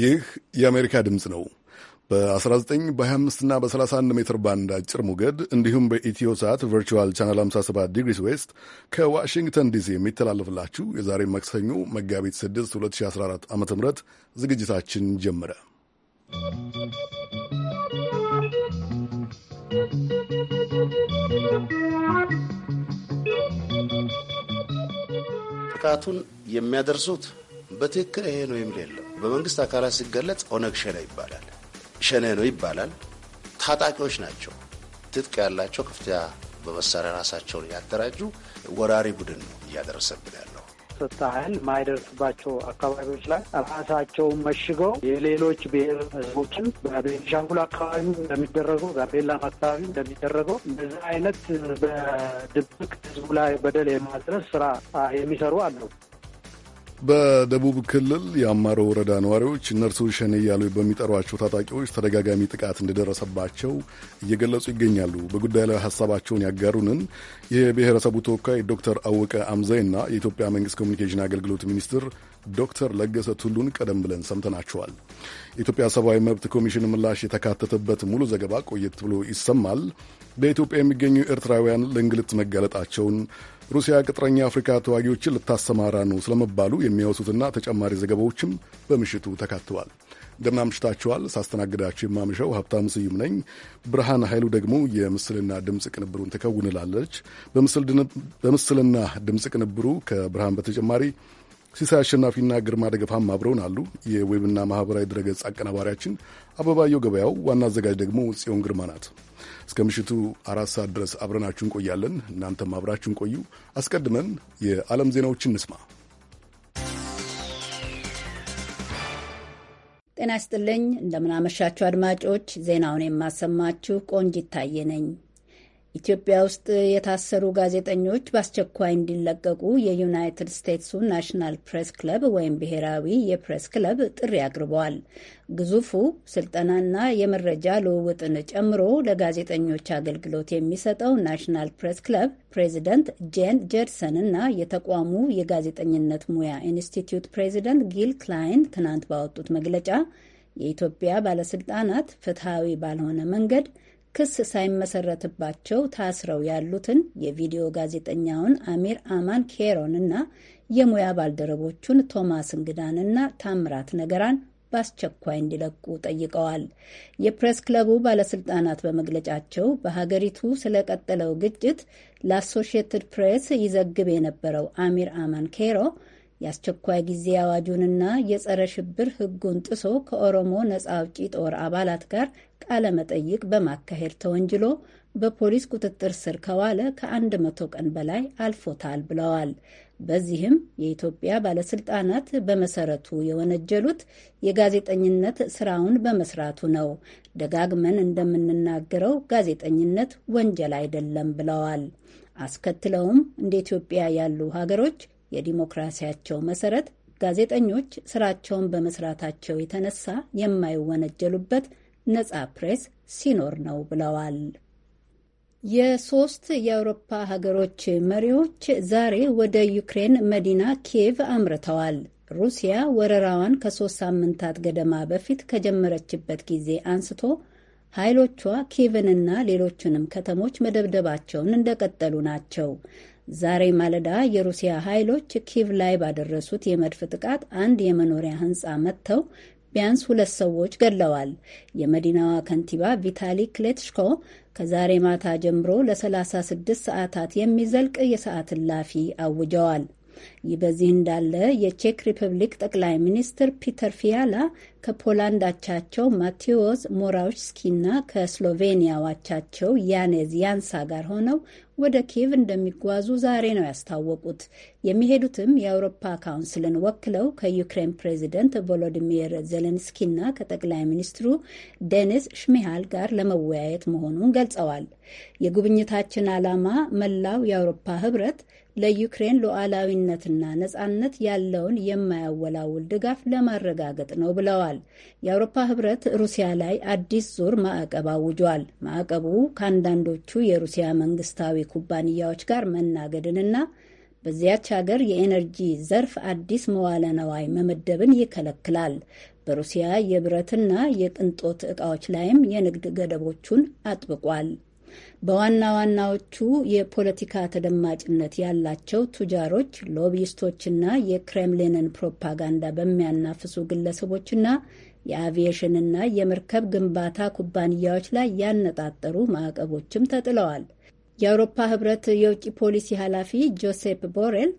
ይህ የአሜሪካ ድምፅ ነው። በ19 በ25 እና በ31 ሜትር ባንድ አጭር ሞገድ እንዲሁም በኢትዮ ሰዓት ቨርቹዋል ቻናል 57 ዲግሪስ ዌስት ከዋሽንግተን ዲሲ የሚተላለፍላችሁ የዛሬ ማክሰኞ መጋቢት 6 2014 ዓ ም ዝግጅታችን ጀመረ። ጥቃቱን የሚያደርሱት በትክክል ይሄ ነው የሚል የለም በመንግስት አካላት ሲገለጽ ኦነግ ሸነ ይባላል፣ ሸነ ነው ይባላል። ታጣቂዎች ናቸው። ትጥቅ ያላቸው ክፍትያ በመሳሪያ ራሳቸውን ያደራጁ ወራሪ ቡድን ነው እያደረሰብን ያለው። ጸጥታ ኃይል ማይደርስባቸው አካባቢዎች ላይ ራሳቸውን መሽገው የሌሎች ብሔር ህዝቦችን በቤንሻንጉል አካባቢ እንደሚደረገው ጋምቤላም አካባቢ እንደሚደረገው እንደዚህ አይነት በድብቅ ህዝቡ ላይ በደል የማድረስ ስራ የሚሰሩ አለው። በደቡብ ክልል የአማሮ ወረዳ ነዋሪዎች እነርሱ ሸኔ እያሉ በሚጠሯቸው ታጣቂዎች ተደጋጋሚ ጥቃት እንደደረሰባቸው እየገለጹ ይገኛሉ። በጉዳይ ላይ ሀሳባቸውን ያጋሩንን የብሔረሰቡ ተወካይ ዶክተር አወቀ አምዛይና የኢትዮጵያ መንግስት ኮሚኒኬሽን አገልግሎት ሚኒስትር ዶክተር ለገሰ ቱሉን ቀደም ብለን ሰምተናቸዋል። የኢትዮጵያ ሰብአዊ መብት ኮሚሽን ምላሽ የተካተተበት ሙሉ ዘገባ ቆየት ብሎ ይሰማል። በኢትዮጵያ የሚገኙ ኤርትራውያን ለእንግልት መጋለጣቸውን ሩሲያ ቅጥረኛ አፍሪካ ተዋጊዎችን ልታሰማራ ነው ስለመባሉ የሚያወሱትና ተጨማሪ ዘገባዎችም በምሽቱ ተካተዋል። እንደምን ሳስተናግዳችሁ የማምሻው ሀብታም ስዩም ነኝ። ብርሃን ኃይሉ ደግሞ የምስልና ድምፅ ቅንብሩን ትከውንላለች። በምስልና ድምፅ ቅንብሩ ከብርሃን በተጨማሪ ሲሳይ አሸናፊና ግርማ ደገፋም አብረውን አሉ። የዌብና ማህበራዊ ድረገጽ አቀናባሪያችን አበባየው ገበያው፣ ዋና አዘጋጅ ደግሞ ጽዮን ግርማ ናት። እስከ ምሽቱ አራት ሰዓት ድረስ አብረናችሁ እንቆያለን። እናንተም አብራችሁን ቆዩ። አስቀድመን የዓለም ዜናዎችን እንስማ። ጤና ይስጥልኝ። እንደምናመሻችሁ አድማጮች፣ ዜናውን የማሰማችሁ ቆንጅ ታየ ነኝ። ኢትዮጵያ ውስጥ የታሰሩ ጋዜጠኞች በአስቸኳይ እንዲለቀቁ የዩናይትድ ስቴትሱ ናሽናል ፕሬስ ክለብ ወይም ብሔራዊ የፕሬስ ክለብ ጥሪ አቅርበዋል። ግዙፉ ስልጠናና የመረጃ ልውውጥን ጨምሮ ለጋዜጠኞች አገልግሎት የሚሰጠው ናሽናል ፕሬስ ክለብ ፕሬዚደንት ጄን ጀድሰን እና የተቋሙ የጋዜጠኝነት ሙያ ኢንስቲትዩት ፕሬዚደንት ጊል ክላይን ትናንት ባወጡት መግለጫ የኢትዮጵያ ባለስልጣናት ፍትሐዊ ባልሆነ መንገድ ክስ ሳይመሰረትባቸው ታስረው ያሉትን የቪዲዮ ጋዜጠኛውን አሚር አማን ኬሮን እና የሙያ ባልደረቦቹን ቶማስ እንግዳን እና ታምራት ነገራን በአስቸኳይ እንዲለቁ ጠይቀዋል። የፕሬስ ክለቡ ባለስልጣናት በመግለጫቸው በሀገሪቱ ስለቀጠለው ግጭት ለአሶሺየትድ ፕሬስ ይዘግብ የነበረው አሚር አማን ኬሮ የአስቸኳይ ጊዜ አዋጁንና የጸረ ሽብር ሕጉን ጥሶ ከኦሮሞ ነጻ አውጪ ጦር አባላት ጋር ቃለ መጠይቅ በማካሄድ ተወንጅሎ በፖሊስ ቁጥጥር ስር ከዋለ ከአንድ መቶ ቀን በላይ አልፎታል ብለዋል። በዚህም የኢትዮጵያ ባለስልጣናት በመሰረቱ የወነጀሉት የጋዜጠኝነት ስራውን በመስራቱ ነው። ደጋግመን እንደምንናገረው ጋዜጠኝነት ወንጀል አይደለም ብለዋል። አስከትለውም እንደ ኢትዮጵያ ያሉ ሀገሮች የዲሞክራሲያቸው መሰረት ጋዜጠኞች ስራቸውን በመስራታቸው የተነሳ የማይወነጀሉበት ነጻ ፕሬስ ሲኖር ነው ብለዋል። የሶስት የአውሮፓ ሀገሮች መሪዎች ዛሬ ወደ ዩክሬን መዲና ኪየቭ አምርተዋል። ሩሲያ ወረራዋን ከሶስት ሳምንታት ገደማ በፊት ከጀመረችበት ጊዜ አንስቶ ኃይሎቿ ኪየቭንና ሌሎቹንም ከተሞች መደብደባቸውን እንደቀጠሉ ናቸው። ዛሬ ማለዳ የሩሲያ ኃይሎች ኪየቭ ላይ ባደረሱት የመድፍ ጥቃት አንድ የመኖሪያ ህንፃ መጥተው ቢያንስ ሁለት ሰዎች ገድለዋል። የመዲናዋ ከንቲባ ቪታሊ ክሌትሽኮ ከዛሬ ማታ ጀምሮ ለ36 ሰዓታት የሚዘልቅ የሰዓት እላፊ አውጀዋል። ይህ በዚህ እንዳለ የቼክ ሪፐብሊክ ጠቅላይ ሚኒስትር ፒተር ፊያላ ከፖላንድ አቻቸው ማቴዎስ ሞራውስኪና ከስሎቬኒያ አቻቸው ያኔዝ ያንሳ ጋር ሆነው ወደ ኪየቭ እንደሚጓዙ ዛሬ ነው ያስታወቁት። የሚሄዱትም የአውሮፓ ካውንስልን ወክለው ከዩክሬን ፕሬዚደንት ቮሎዲሚር ዜሌንስኪና ከጠቅላይ ሚኒስትሩ ዴኒስ ሽሚሃል ጋር ለመወያየት መሆኑን ገልጸዋል። የጉብኝታችን ዓላማ መላው የአውሮፓ ህብረት ለዩክሬን ሉዓላዊነትና ነጻነት ያለውን የማያወላውል ድጋፍ ለማረጋገጥ ነው ብለዋል። የአውሮፓ ህብረት ሩሲያ ላይ አዲስ ዙር ማዕቀብ አውጇል። ማዕቀቡ ከአንዳንዶቹ የሩሲያ መንግስታዊ ኩባንያዎች ጋር መናገድንና በዚያች ሀገር የኤነርጂ ዘርፍ አዲስ መዋለ ነዋይ መመደብን ይከለክላል። በሩሲያ የብረትና የቅንጦት ዕቃዎች ላይም የንግድ ገደቦቹን አጥብቋል። በዋና ዋናዎቹ የፖለቲካ ተደማጭነት ያላቸው ቱጃሮች፣ ሎቢስቶችና የክሬምሊንን ፕሮፓጋንዳ በሚያናፍሱ ግለሰቦችና የአቪዬሽንና የመርከብ ግንባታ ኩባንያዎች ላይ ያነጣጠሩ ማዕቀቦችም ተጥለዋል። የአውሮፓ ሕብረት የውጭ ፖሊሲ ኃላፊ ጆሴፕ ቦሬል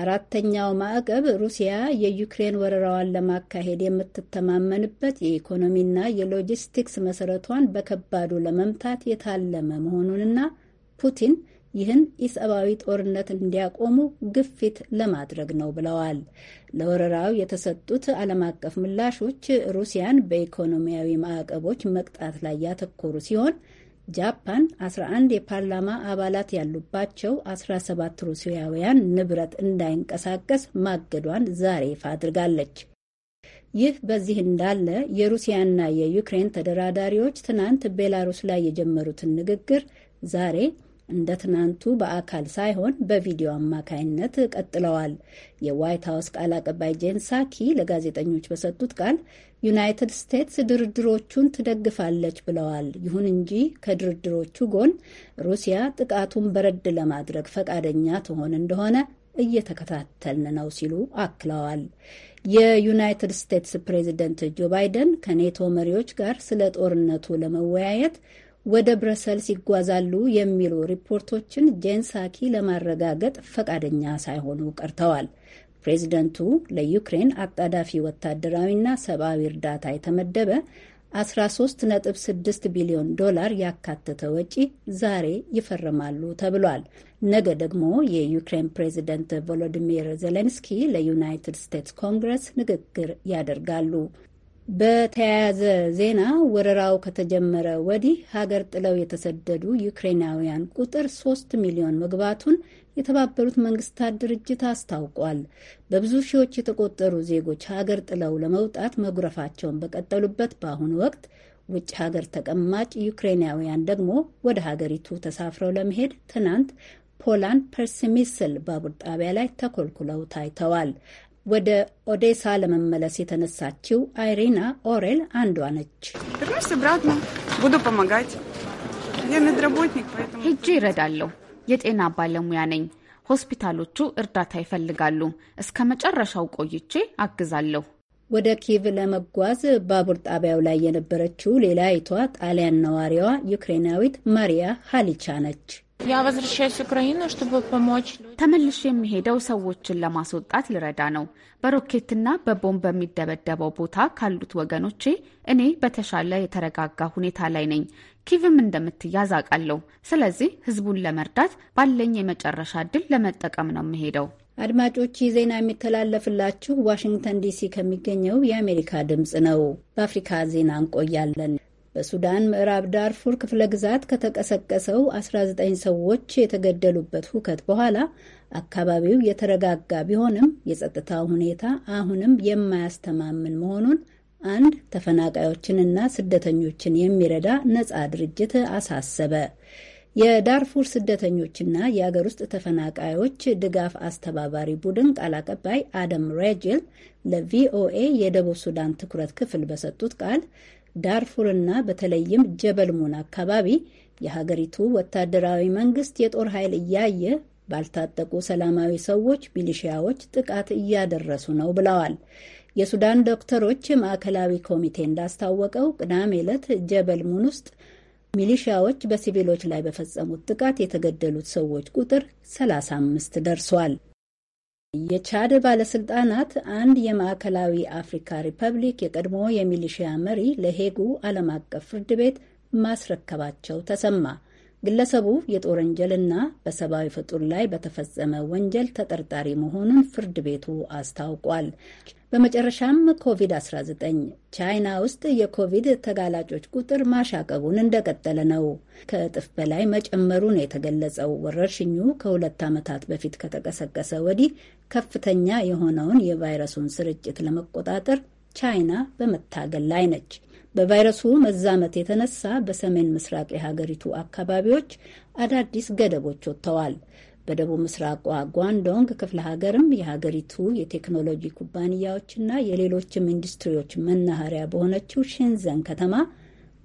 አራተኛው ማዕቀብ ሩሲያ የዩክሬን ወረራዋን ለማካሄድ የምትተማመንበት የኢኮኖሚና የሎጂስቲክስ መሰረቷን በከባዱ ለመምታት የታለመ መሆኑንና ፑቲን ይህን ኢሰብአዊ ጦርነት እንዲያቆሙ ግፊት ለማድረግ ነው ብለዋል። ለወረራው የተሰጡት ዓለም አቀፍ ምላሾች ሩሲያን በኢኮኖሚያዊ ማዕቀቦች መቅጣት ላይ ያተኮሩ ሲሆን ጃፓን 11 የፓርላማ አባላት ያሉባቸው 17 ሩሲያውያን ንብረት እንዳይንቀሳቀስ ማገዷን ዛሬ ይፋ አድርጋለች። ይህ በዚህ እንዳለ የሩሲያና የዩክሬን ተደራዳሪዎች ትናንት ቤላሩስ ላይ የጀመሩትን ንግግር ዛሬ እንደ ትናንቱ በአካል ሳይሆን በቪዲዮ አማካይነት ቀጥለዋል። የዋይት ሀውስ ቃል አቀባይ ጄን ሳኪ ለጋዜጠኞች በሰጡት ቃል ዩናይትድ ስቴትስ ድርድሮቹን ትደግፋለች ብለዋል። ይሁን እንጂ ከድርድሮቹ ጎን ሩሲያ ጥቃቱን በረድ ለማድረግ ፈቃደኛ ትሆን እንደሆነ እየተከታተልን ነው ሲሉ አክለዋል። የዩናይትድ ስቴትስ ፕሬዚደንት ጆ ባይደን ከኔቶ መሪዎች ጋር ስለ ጦርነቱ ለመወያየት ወደ ብረሰልስ ይጓዛሉ የሚሉ ሪፖርቶችን ጄን ሳኪ ለማረጋገጥ ፈቃደኛ ሳይሆኑ ቀርተዋል። ፕሬዚደንቱ ለዩክሬን አጣዳፊ ወታደራዊና ሰብአዊ እርዳታ የተመደበ 13.6 ቢሊዮን ዶላር ያካተተ ወጪ ዛሬ ይፈርማሉ ተብሏል። ነገ ደግሞ የዩክሬን ፕሬዚደንት ቮሎዲሚር ዜሌንስኪ ለዩናይትድ ስቴትስ ኮንግረስ ንግግር ያደርጋሉ። በተያያዘ ዜና ወረራው ከተጀመረ ወዲህ ሀገር ጥለው የተሰደዱ ዩክሬናውያን ቁጥር ሶስት ሚሊዮን መግባቱን የተባበሩት መንግስታት ድርጅት አስታውቋል። በብዙ ሺዎች የተቆጠሩ ዜጎች ሀገር ጥለው ለመውጣት መጉረፋቸውን በቀጠሉበት በአሁኑ ወቅት ውጭ ሀገር ተቀማጭ ዩክሬናውያን ደግሞ ወደ ሀገሪቱ ተሳፍረው ለመሄድ ትናንት ፖላንድ ፐርስሚስል ባቡር ጣቢያ ላይ ተኮልኩለው ታይተዋል። ወደ ኦዴሳ ለመመለስ የተነሳችው አይሪና ኦሬል አንዷ ነች። ሄጄ ይረዳለሁ። የጤና ባለሙያ ነኝ። ሆስፒታሎቹ እርዳታ ይፈልጋሉ። እስከ መጨረሻው ቆይቼ አግዛለሁ። ወደ ኪቭ ለመጓዝ ባቡር ጣቢያው ላይ የነበረችው ሌላይቷ ጣሊያን ነዋሪዋ ዩክሬናዊት ማሪያ ሃሊቻ ነች። ተመልሽ የሚሄደው ሰዎችን ለማስወጣት ልረዳ ነው። በሮኬትና በቦምብ በሚደበደበው ቦታ ካሉት ወገኖቼ እኔ በተሻለ የተረጋጋ ሁኔታ ላይ ነኝ። ኪቭም እንደምትያዝ አውቃለሁ። ስለዚህ ህዝቡን ለመርዳት ባለኝ የመጨረሻ እድል ለመጠቀም ነው የሚሄደው። አድማጮች ዜና የሚተላለፍላችሁ ዋሽንግተን ዲሲ ከሚገኘው የአሜሪካ ድምፅ ነው። በአፍሪካ ዜና እንቆያለን። በሱዳን ምዕራብ ዳርፉር ክፍለ ግዛት ከተቀሰቀሰው 19 ሰዎች የተገደሉበት ሁከት በኋላ አካባቢው የተረጋጋ ቢሆንም የጸጥታው ሁኔታ አሁንም የማያስተማምን መሆኑን አንድ ተፈናቃዮችንና ስደተኞችን የሚረዳ ነፃ ድርጅት አሳሰበ። የዳርፉር ስደተኞችና የአገር ውስጥ ተፈናቃዮች ድጋፍ አስተባባሪ ቡድን ቃል አቀባይ አደም ሬጅል ለቪኦኤ የደቡብ ሱዳን ትኩረት ክፍል በሰጡት ቃል ዳርፉርና በተለይም ጀበል ሙን አካባቢ የሀገሪቱ ወታደራዊ መንግስት የጦር ኃይል እያየ ባልታጠቁ ሰላማዊ ሰዎች ሚሊሺያዎች ጥቃት እያደረሱ ነው ብለዋል። የሱዳን ዶክተሮች ማዕከላዊ ኮሚቴ እንዳስታወቀው ቅዳሜ ዕለት ጀበል ሙን ውስጥ ሚሊሺያዎች በሲቪሎች ላይ በፈጸሙት ጥቃት የተገደሉት ሰዎች ቁጥር 35 ደርሷል። የቻድ ባለስልጣናት አንድ የማዕከላዊ አፍሪካ ሪፐብሊክ የቀድሞ የሚሊሺያ መሪ ለሄጉ ዓለም አቀፍ ፍርድ ቤት ማስረከባቸው ተሰማ። ግለሰቡ የጦር ወንጀልና በሰብአዊ ፍጡር ላይ በተፈጸመ ወንጀል ተጠርጣሪ መሆኑን ፍርድ ቤቱ አስታውቋል። በመጨረሻም ኮቪድ-19 ቻይና ውስጥ የኮቪድ ተጋላጮች ቁጥር ማሻቀቡን እንደቀጠለ ነው። ከእጥፍ በላይ መጨመሩ ነው የተገለጸው። ወረርሽኙ ከሁለት ዓመታት በፊት ከተቀሰቀሰ ወዲህ ከፍተኛ የሆነውን የቫይረሱን ስርጭት ለመቆጣጠር ቻይና በመታገል ላይ ነች። በቫይረሱ መዛመት የተነሳ በሰሜን ምስራቅ የሀገሪቱ አካባቢዎች አዳዲስ ገደቦች ወጥተዋል። በደቡብ ምስራቋ ጓንዶንግ ክፍለ ሀገርም የሀገሪቱ የቴክኖሎጂ ኩባንያዎችና የሌሎችም ኢንዱስትሪዎች መናኸሪያ በሆነችው ሽንዘን ከተማ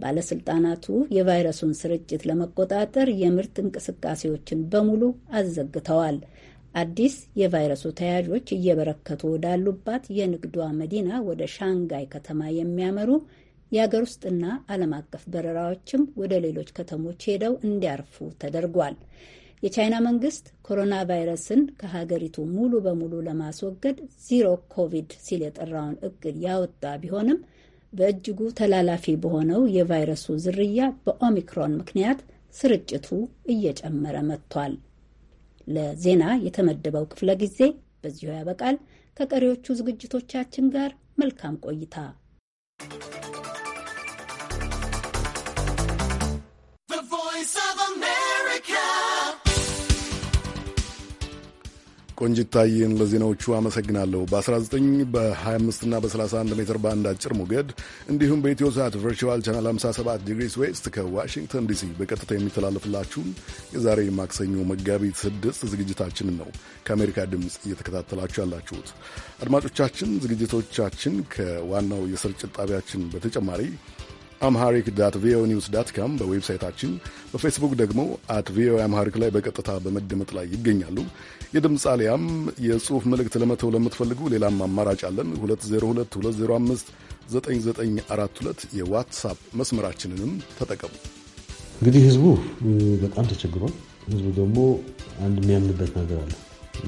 ባለስልጣናቱ የቫይረሱን ስርጭት ለመቆጣጠር የምርት እንቅስቃሴዎችን በሙሉ አዘግተዋል። አዲስ የቫይረሱ ተያዦች እየበረከቱ ወዳሉባት የንግዷ መዲና ወደ ሻንጋይ ከተማ የሚያመሩ የአገር ውስጥና ዓለም አቀፍ በረራዎችም ወደ ሌሎች ከተሞች ሄደው እንዲያርፉ ተደርጓል። የቻይና መንግስት ኮሮና ቫይረስን ከሀገሪቱ ሙሉ በሙሉ ለማስወገድ ዚሮ ኮቪድ ሲል የጠራውን እቅድ ያወጣ ቢሆንም በእጅጉ ተላላፊ በሆነው የቫይረሱ ዝርያ በኦሚክሮን ምክንያት ስርጭቱ እየጨመረ መጥቷል። ለዜና የተመደበው ክፍለ ጊዜ በዚሁ ያበቃል። ከቀሪዎቹ ዝግጅቶቻችን ጋር መልካም ቆይታ። ቆንጅታዬን ለዜናዎቹ አመሰግናለሁ። በ19 በ25 እና በ31 ሜትር ባንድ አጭር ሞገድ እንዲሁም በኢትዮ ሰዓት ቨርቹዋል ቻናል 57 ዲግሪስ ዌስት ከዋሽንግተን ዲሲ በቀጥታ የሚተላለፍላችሁን የዛሬ ማክሰኞ መጋቢት 6 ዝግጅታችንን ነው ከአሜሪካ ድምፅ እየተከታተላችሁ ያላችሁት። አድማጮቻችን ዝግጅቶቻችን ከዋናው የስርጭት ጣቢያችን በተጨማሪ አምሃሪክ ዳት ቪኦኤ ኒውስ ዳት ካም በዌብሳይታችን፣ በፌስቡክ ደግሞ አት ቪኦኤ አምሃሪክ ላይ በቀጥታ በመደመጥ ላይ ይገኛሉ። የድምፅ አሊያም የጽሑፍ መልእክት ለመተው ለምትፈልጉ ሌላም አማራጭ አለን። 2022059942 የዋትሳፕ መስመራችንንም ተጠቀሙ። እንግዲህ ህዝቡ በጣም ተቸግሯል። ህዝቡ ደግሞ አንድ የሚያምንበት ነገር አለ።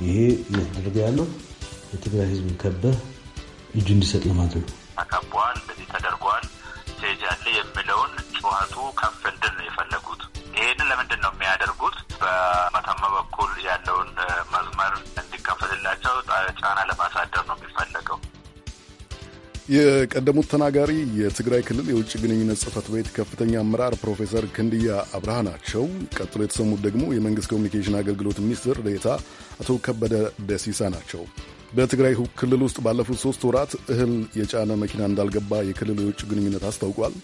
ይሄ እየተደረገ ያለው የትግራይ ህዝብን ከበህ እጁ እንዲሰጥ ለማድረግ ተከቧል፣ እንደዚህ ተደርጓል ያለ የሚለውን ጨዋቱ ከፍ እንድል ነው የፈለጉት። ይህንን ለምንድን ነው የሚያደርጉት? በመተማ በኩል ያለውን መስመር እንዲከፈትላቸው ጫና ለማሳደር ነው የሚፈለገው። የቀደሙት ተናጋሪ የትግራይ ክልል የውጭ ግንኙነት ጽህፈት ቤት ከፍተኛ አመራር ፕሮፌሰር ክንድያ አብርሃ ናቸው። ቀጥሎ የተሰሙት ደግሞ የመንግስት ኮሚኒኬሽን አገልግሎት ሚኒስትር ዴኤታ አቶ ከበደ ደሲሳ ናቸው። በትግራይ ክልል ውስጥ ባለፉት ሶስት ወራት እህል የጫነ መኪና እንዳልገባ የክልሉ የውጭ ግንኙነት አስታውቋል።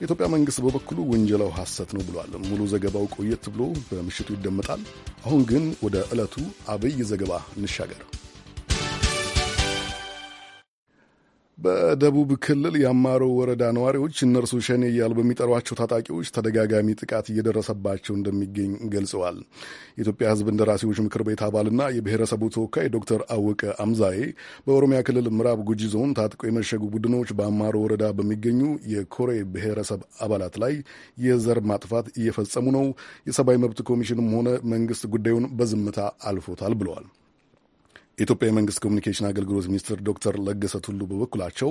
የኢትዮጵያ መንግስት በበኩሉ ውንጀላው ሐሰት ነው ብሏል። ሙሉ ዘገባው ቆየት ብሎ በምሽቱ ይደመጣል። አሁን ግን ወደ ዕለቱ አብይ ዘገባ እንሻገር። በደቡብ ክልል የአማሮ ወረዳ ነዋሪዎች እነርሱ ሸኔ እያሉ በሚጠሯቸው ታጣቂዎች ተደጋጋሚ ጥቃት እየደረሰባቸው እንደሚገኝ ገልጸዋል። የኢትዮጵያ ሕዝብ እንደራሴዎች ምክር ቤት አባልና የብሔረሰቡ ተወካይ ዶክተር አወቀ አምዛዬ በኦሮሚያ ክልል ምዕራብ ጉጂ ዞን ታጥቆ የመሸጉ ቡድኖች በአማሮ ወረዳ በሚገኙ የኮሬ ብሔረሰብ አባላት ላይ የዘር ማጥፋት እየፈጸሙ ነው፣ የሰብአዊ መብት ኮሚሽንም ሆነ መንግስት ጉዳዩን በዝምታ አልፎታል ብለዋል። የኢትዮጵያ የመንግስት ኮሚኒኬሽን አገልግሎት ሚኒስትር ዶክተር ለገሰ ቱሉ በበኩላቸው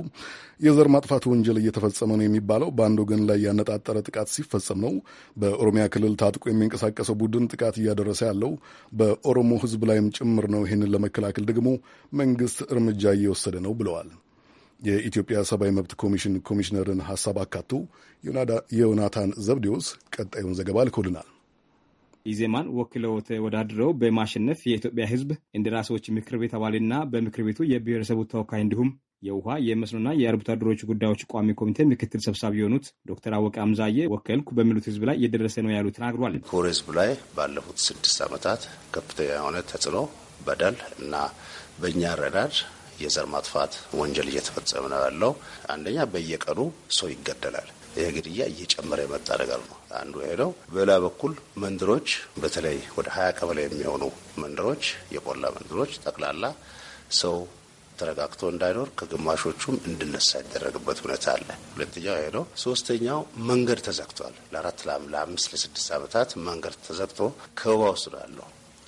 የዘር ማጥፋት ወንጀል እየተፈጸመ ነው የሚባለው በአንድ ወገን ላይ ያነጣጠረ ጥቃት ሲፈጸም ነው። በኦሮሚያ ክልል ታጥቆ የሚንቀሳቀሰው ቡድን ጥቃት እያደረሰ ያለው በኦሮሞ ሕዝብ ላይም ጭምር ነው። ይህንን ለመከላከል ደግሞ መንግስት እርምጃ እየወሰደ ነው ብለዋል። የኢትዮጵያ ሰብአዊ መብት ኮሚሽን ኮሚሽነርን ሀሳብ አካቶ ዮናታን ዘብዴዎስ ቀጣዩን ዘገባ ልኮልናል። ኢዜማን ወክለው ተወዳድረው በማሸነፍ የኢትዮጵያ ሕዝብ እንደራሴዎች ምክር ቤት አባልና በምክር ቤቱ የብሔረሰቡ ተወካይ እንዲሁም የውሃ የመስኖና የአርብቶ አደሮች ጉዳዮች ቋሚ ኮሚቴ ምክትል ሰብሳቢ የሆኑት ዶክተር አወቀ አምዛዬ ወከልኩ በሚሉት ህዝብ ላይ እየደረሰ ነው ያሉ ተናግሯል። ኮር ህዝብ ላይ ባለፉት ስድስት ዓመታት ከፍተኛ የሆነ ተጽዕኖ፣ በደል እና በእኛ ረዳድ የዘር ማጥፋት ወንጀል እየተፈጸመ ነው ያለው። አንደኛ በየቀኑ ሰው ይገደላል። ይሄ ግድያ እየጨመረ የመጣ ነገር ነው። አንዱ ይሄ ነው። በሌላ በኩል መንደሮች፣ በተለይ ወደ ሀያ ቀበሌ የሚሆኑ መንደሮች፣ የቆላ መንደሮች ጠቅላላ ሰው ተረጋግቶ እንዳይኖር ከግማሾቹም እንድነሳ ያደረግበት ሁኔታ አለ። ሁለተኛው ይሄ ነው። ሶስተኛው መንገድ ተዘግቷል። ለአራት ለአምስት ለስድስት ዓመታት መንገድ ተዘግቶ ከበባ ውስጥ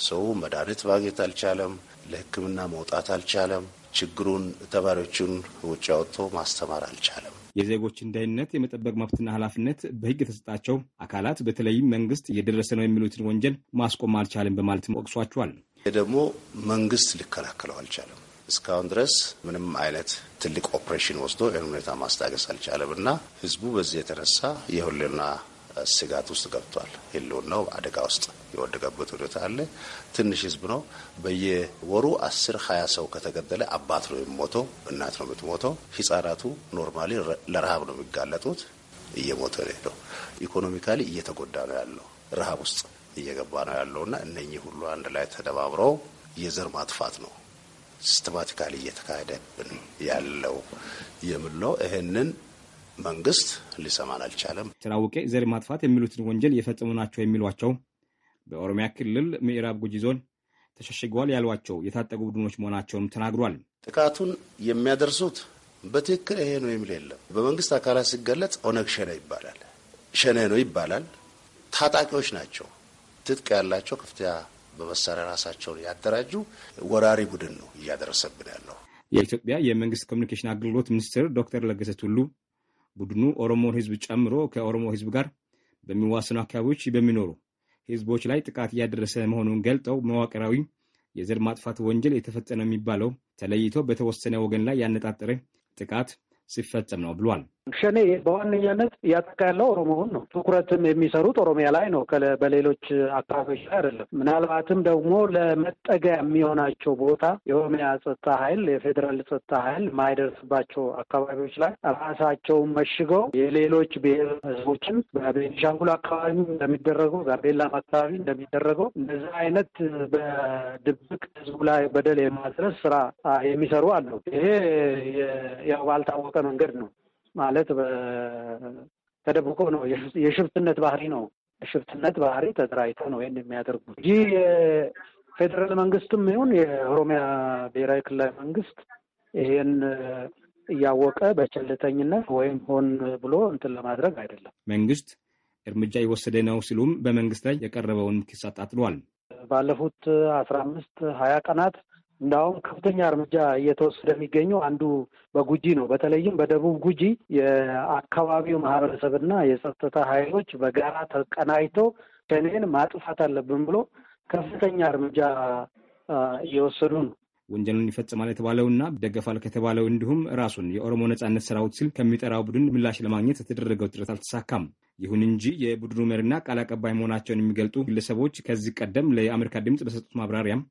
ሰው መድኃኒት ማግኘት አልቻለም። ለሕክምና መውጣት አልቻለም። ችግሩን ተማሪዎቹን ውጭ አወጥቶ ማስተማር አልቻለም። የዜጎችን ደህንነት የመጠበቅ መብትና ኃላፊነት በህግ የተሰጣቸው አካላት በተለይም መንግስት እየደረሰ ነው የሚሉትን ወንጀል ማስቆም አልቻለም በማለትም ወቅሷቸዋል። ይህ ደግሞ መንግስት ሊከላከለው አልቻለም። እስካሁን ድረስ ምንም አይነት ትልቅ ኦፕሬሽን ወስዶ ይህን ሁኔታ ማስታገስ አልቻለም እና ህዝቡ በዚህ የተነሳ የሁልና ስጋት ውስጥ ገብቷል። ህልውናው አደጋ ውስጥ የወደቀበት ሁኔታ አለ። ትንሽ ህዝብ ነው። በየወሩ አስር ሀያ ሰው ከተገደለ አባት ነው የሚሞተው፣ እናት ነው የምትሞተው። ህጻናቱ ኖርማሊ ለረሃብ ነው የሚጋለጡት። እየሞተ ነው ሄደው። ኢኮኖሚካሊ እየተጎዳ ነው ያለው፣ ረሃብ ውስጥ እየገባ ነው ያለው እና እነኚህ ሁሉ አንድ ላይ ተደባብረው የዘር ማጥፋት ነው ሲስተማቲካሊ እየተካሄደብን ያለው የምለው ይህንን መንግስት ሊሰማን አልቻለም። ተራውቄ ዘር ማጥፋት የሚሉትን ወንጀል የፈጸሙ ናቸው የሚሏቸው በኦሮሚያ ክልል ምዕራብ ጉጂ ዞን ተሸሽገዋል ያሏቸው የታጠቁ ቡድኖች መሆናቸውም ተናግሯል። ጥቃቱን የሚያደርሱት በትክክል ይሄ ነው የሚል የለም። በመንግስት አካላት ሲገለጽ ኦነግ ሸነ ይባላል፣ ሸነ ነው ይባላል። ታጣቂዎች ናቸው። ትጥቅ ያላቸው ክፍትያ በመሳሪያ ራሳቸውን ያደራጁ ወራሪ ቡድን ነው እያደረሰብን ያለው። የኢትዮጵያ የመንግስት ኮሚኒኬሽን አገልግሎት ሚኒስትር ዶክተር ለገሰ ቱሉ ቡድኑ ኦሮሞን ህዝብ ጨምሮ ከኦሮሞ ህዝብ ጋር በሚዋሰኑ አካባቢዎች በሚኖሩ ህዝቦች ላይ ጥቃት እያደረሰ መሆኑን ገልጠው መዋቅራዊ የዘር ማጥፋት ወንጀል የተፈጸመ የሚባለው ተለይቶ በተወሰነ ወገን ላይ ያነጣጠረ ጥቃት ሲፈጸም ነው ብሏል። ሸኔ በዋነኛነት ያለው ኦሮሞውን ነው። ትኩረትም የሚሰሩት ኦሮሚያ ላይ ነው፣ በሌሎች አካባቢዎች ላይ አይደለም። ምናልባትም ደግሞ ለመጠገያ የሚሆናቸው ቦታ የኦሮሚያ ጸጥታ ኃይል የፌዴራል ጸጥታ ኃይል የማይደርስባቸው አካባቢዎች ላይ ራሳቸውን መሽገው የሌሎች ብሔር ህዝቦችን በቤኒሻንጉል አካባቢ እንደሚደረገው፣ ጋምቤላም አካባቢ እንደሚደረገው እንደዚህ አይነት በድብቅ ህዝቡ ላይ በደል የማድረስ ስራ የሚሰሩ አሉ። ይሄ ያው ባልታወቀ መንገድ ነው ማለት ተደብቆ ነው። የሽብትነት ባህሪ ነው። ሽብትነት ባህሪ ተደራጅተው ነው ይህን የሚያደርጉት እንጂ የፌዴራል መንግስትም ይሁን የኦሮሚያ ብሔራዊ ክልላዊ መንግስት ይህን እያወቀ በቸልተኝነት ወይም ሆን ብሎ እንትን ለማድረግ አይደለም መንግስት እርምጃ የወሰደ ነው ሲሉም በመንግስት ላይ የቀረበውን ክስ አጣጥሏል። ባለፉት አስራ አምስት ሀያ ቀናት እንዳሁም ከፍተኛ እርምጃ እየተወሰደ የሚገኘው አንዱ በጉጂ ነው። በተለይም በደቡብ ጉጂ የአካባቢው ማህበረሰብና የጸጥታ ኃይሎች በጋራ ተቀናይቶ ሸኔን ማጥፋት አለብን ብሎ ከፍተኛ እርምጃ እየወሰዱ ነው። ወንጀሉን ይፈጽማል የተባለውና ደገፋል ከተባለው እንዲሁም ራሱን የኦሮሞ ነጻነት ሰራዊት ሲል ከሚጠራው ቡድን ምላሽ ለማግኘት የተደረገው ጥረት አልተሳካም። ይሁን እንጂ የቡድኑ መሪና ቃል አቀባይ መሆናቸውን የሚገልጡ ግለሰቦች ከዚህ ቀደም ለአሜሪካ ድምፅ በሰጡት ማብራሪያም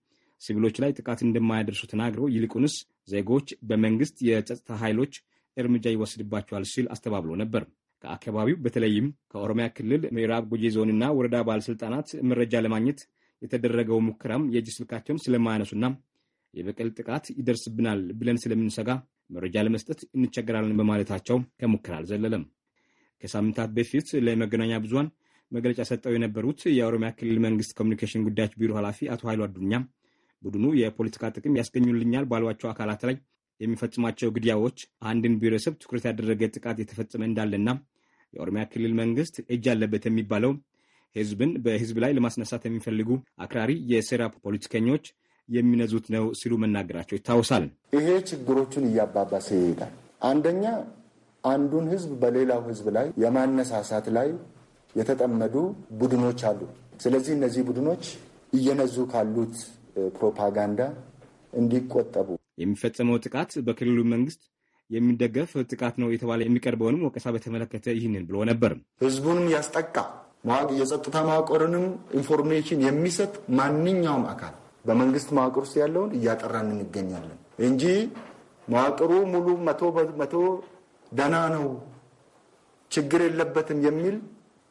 ሲቪሎች ላይ ጥቃት እንደማያደርሱ ተናግረው ይልቁንስ ዜጎች በመንግስት የጸጥታ ኃይሎች እርምጃ ይወስድባቸዋል ሲል አስተባብሎ ነበር። ከአካባቢው በተለይም ከኦሮሚያ ክልል ምዕራብ ጉጂ ዞንና ወረዳ ባለስልጣናት መረጃ ለማግኘት የተደረገው ሙከራም የእጅ ስልካቸውን ስለማያነሱና የበቀል ጥቃት ይደርስብናል ብለን ስለምንሰጋ መረጃ ለመስጠት እንቸገራለን በማለታቸው ከሙከራ አልዘለለም። ከሳምንታት በፊት ለመገናኛ ብዙሃን መግለጫ ሰጠው የነበሩት የኦሮሚያ ክልል መንግስት ኮሚኒኬሽን ጉዳዮች ቢሮ ኃላፊ አቶ ኃይሉ አዱኛ ቡድኑ የፖለቲካ ጥቅም ያስገኙልኛል ባሏቸው አካላት ላይ የሚፈጽማቸው ግድያዎች አንድን ብሔረሰብ ትኩረት ያደረገ ጥቃት የተፈጸመ እንዳለና የኦሮሚያ ክልል መንግስት እጅ አለበት የሚባለው ህዝብን በህዝብ ላይ ለማስነሳት የሚፈልጉ አክራሪ የሴራ ፖለቲከኞች የሚነዙት ነው ሲሉ መናገራቸው ይታወሳል። ይሄ ችግሮቹን እያባባሰ ይሄዳል። አንደኛ አንዱን ህዝብ በሌላው ህዝብ ላይ የማነሳሳት ላይ የተጠመዱ ቡድኖች አሉ። ስለዚህ እነዚህ ቡድኖች እየነዙ ካሉት ፕሮፓጋንዳ እንዲቆጠቡ የሚፈጸመው ጥቃት በክልሉ መንግስት የሚደገፍ ጥቃት ነው የተባለ የሚቀርበውንም ወቀሳ በተመለከተ ይህንን ብሎ ነበር። ህዝቡንም ያስጠቃ የጸጥታ መዋቅርንም ኢንፎርሜሽን የሚሰጥ ማንኛውም አካል በመንግስት መዋቅር ውስጥ ያለውን እያጠራን እንገኛለን እንጂ መዋቅሩ ሙሉ መቶ በመቶ ደህና ነው፣ ችግር የለበትም የሚል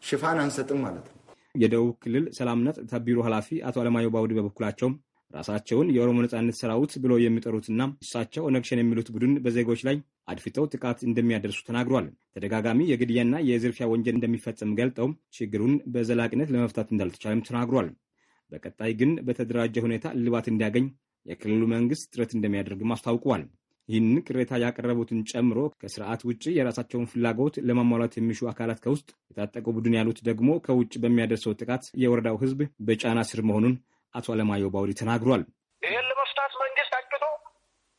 ሽፋን አንሰጥም ማለት ነው። የደቡብ ክልል ሰላምና ጸጥታ ቢሮ ኃላፊ አቶ አለማየሁ ባውዲ በበኩላቸውም ራሳቸውን የኦሮሞ ነጻነት ሰራዊት ብለው የሚጠሩትና እሳቸው ኦነግ ሸኔ የሚሉት ቡድን በዜጎች ላይ አድፍተው ጥቃት እንደሚያደርሱ ተናግሯል። ተደጋጋሚ የግድያና የዝርፊያ ወንጀል እንደሚፈጸም ገልጠው ችግሩን በዘላቂነት ለመፍታት እንዳልተቻለም ተናግሯል። በቀጣይ ግን በተደራጀ ሁኔታ እልባት እንዲያገኝ የክልሉ መንግስት ጥረት እንደሚያደርግም አስታውቋል። ይህን ቅሬታ ያቀረቡትን ጨምሮ ከስርዓት ውጭ የራሳቸውን ፍላጎት ለማሟላት የሚሹ አካላት ከውስጥ የታጠቀው ቡድን ያሉት ደግሞ ከውጭ በሚያደርሰው ጥቃት የወረዳው ህዝብ በጫና ስር መሆኑን አቶ አለማየሁ ባውዲ ተናግሯል። ይህን ለመፍታት መንግስት አቅዶ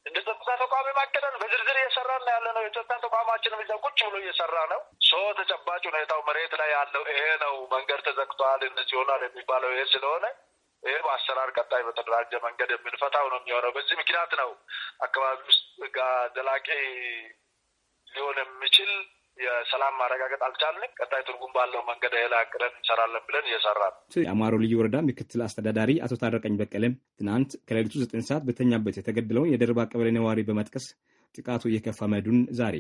እንደ ጸጥታ ተቋም ማቀደን በዝርዝር እየሰራ ያለ ነው። የጸጥታ ተቋማችን ብቻ ቁጭ ብሎ እየሰራ ነው። ሶ ተጨባጭ ሁኔታው መሬት ላይ ያለው ይሄ ነው። መንገድ ተዘግቷል፣ እንደዚህ ሆኗል የሚባለው ይሄ ስለሆነ ይህ በአሰራር ቀጣይ በተደራጀ መንገድ የምንፈታው ነው የሚሆነው። በዚህ ምክንያት ነው አካባቢ ውስጥ ጋር ዘላቂ ሊሆን የሚችል የሰላም ማረጋገጥ አልቻልንም። ቀጣይ ትርጉም ባለው መንገድ ይላ አቅደን እንሰራለን ብለን እየሰራ ነው። የአማሮ ልዩ ወረዳ ምክትል አስተዳዳሪ አቶ ታረቀኝ በቀለም ትናንት ከሌሊቱ ዘጠኝ ሰዓት በተኛበት የተገደለውን የደርባ ቀበሌ ነዋሪ በመጥቀስ ጥቃቱ እየከፋ መሄዱን ዛሬ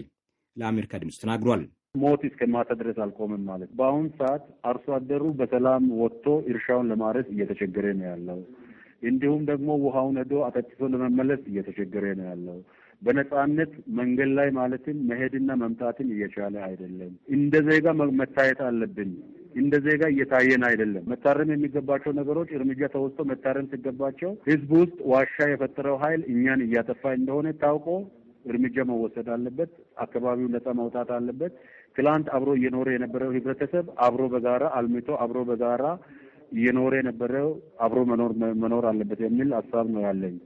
ለአሜሪካ ድምፅ ተናግሯል። ሞት እስከ ማታ ድረስ አልቆምም ማለት በአሁን ሰዓት አርሶ አደሩ በሰላም ወጥቶ እርሻውን ለማረስ እየተቸገረ ነው ያለው። እንዲሁም ደግሞ ውሃውን ሄዶ አጠጥቶ ለመመለስ እየተቸገረ ነው ያለው። በነጻነት መንገድ ላይ ማለትም መሄድና መምጣትን እየቻለ አይደለም። እንደ ዜጋ መታየት አለብን። እንደ ዜጋ እየታየን አይደለም። መታረም የሚገባቸው ነገሮች እርምጃ ተወስቶ መታረም ሲገባቸው ህዝብ ውስጥ ዋሻ የፈጠረው ኃይል እኛን እያጠፋ እንደሆነ ታውቆ እርምጃ መወሰድ አለበት። አካባቢው ነጻ መውጣት አለበት። ትላንት አብሮ እየኖረ የነበረው ህብረተሰብ አብሮ በጋራ አልምቶ አብሮ በጋራ እየኖረ የነበረው አብሮ መኖር መኖር አለበት የሚል ሀሳብ ነው ያለኝ።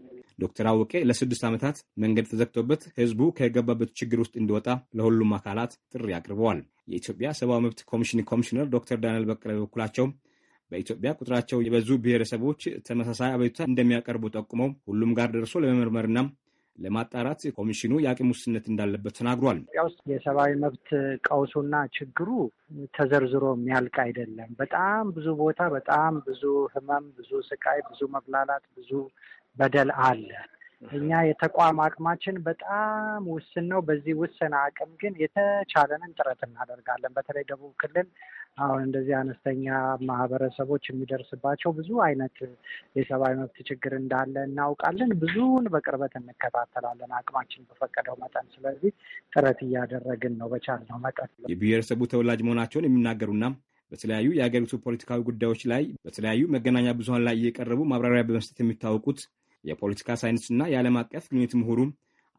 ዶክተር አወቄ ለስድስት ዓመታት መንገድ ተዘግቶበት ህዝቡ ከገባበት ችግር ውስጥ እንዲወጣ ለሁሉም አካላት ጥሪ አቅርበዋል። የኢትዮጵያ ሰብአዊ መብት ኮሚሽን ኮሚሽነር ዶክተር ዳንኤል በቀለ በበኩላቸው በኢትዮጵያ ቁጥራቸው የበዙ ብሔረሰቦች ተመሳሳይ አቤቱታ እንደሚያቀርቡ ጠቁመው ሁሉም ጋር ደርሶ ለመመርመርና ለማጣራት ኮሚሽኑ የአቅም ውስንነት እንዳለበት ተናግሯል። የሰብአዊ መብት ቀውሱና ችግሩ ተዘርዝሮ የሚያልቅ አይደለም። በጣም ብዙ ቦታ በጣም ብዙ ህመም፣ ብዙ ስቃይ፣ ብዙ መብላላት፣ ብዙ በደል አለ። እኛ የተቋም አቅማችን በጣም ውስን ነው። በዚህ ውስን አቅም ግን የተቻለንን ጥረት እናደርጋለን። በተለይ ደቡብ ክልል አሁን እንደዚህ አነስተኛ ማህበረሰቦች የሚደርስባቸው ብዙ አይነት የሰብአዊ መብት ችግር እንዳለ እናውቃለን። ብዙውን በቅርበት እንከታተላለን አቅማችን በፈቀደው መጠን። ስለዚህ ጥረት እያደረግን ነው በቻልነው መጠን። የብሔረሰቡ ተወላጅ መሆናቸውን የሚናገሩና በተለያዩ የሀገሪቱ ፖለቲካዊ ጉዳዮች ላይ በተለያዩ መገናኛ ብዙሀን ላይ እየቀረቡ ማብራሪያ በመስጠት የሚታወቁት የፖለቲካ ሳይንስና የዓለም አቀፍ ግንኙነት ምሁሩ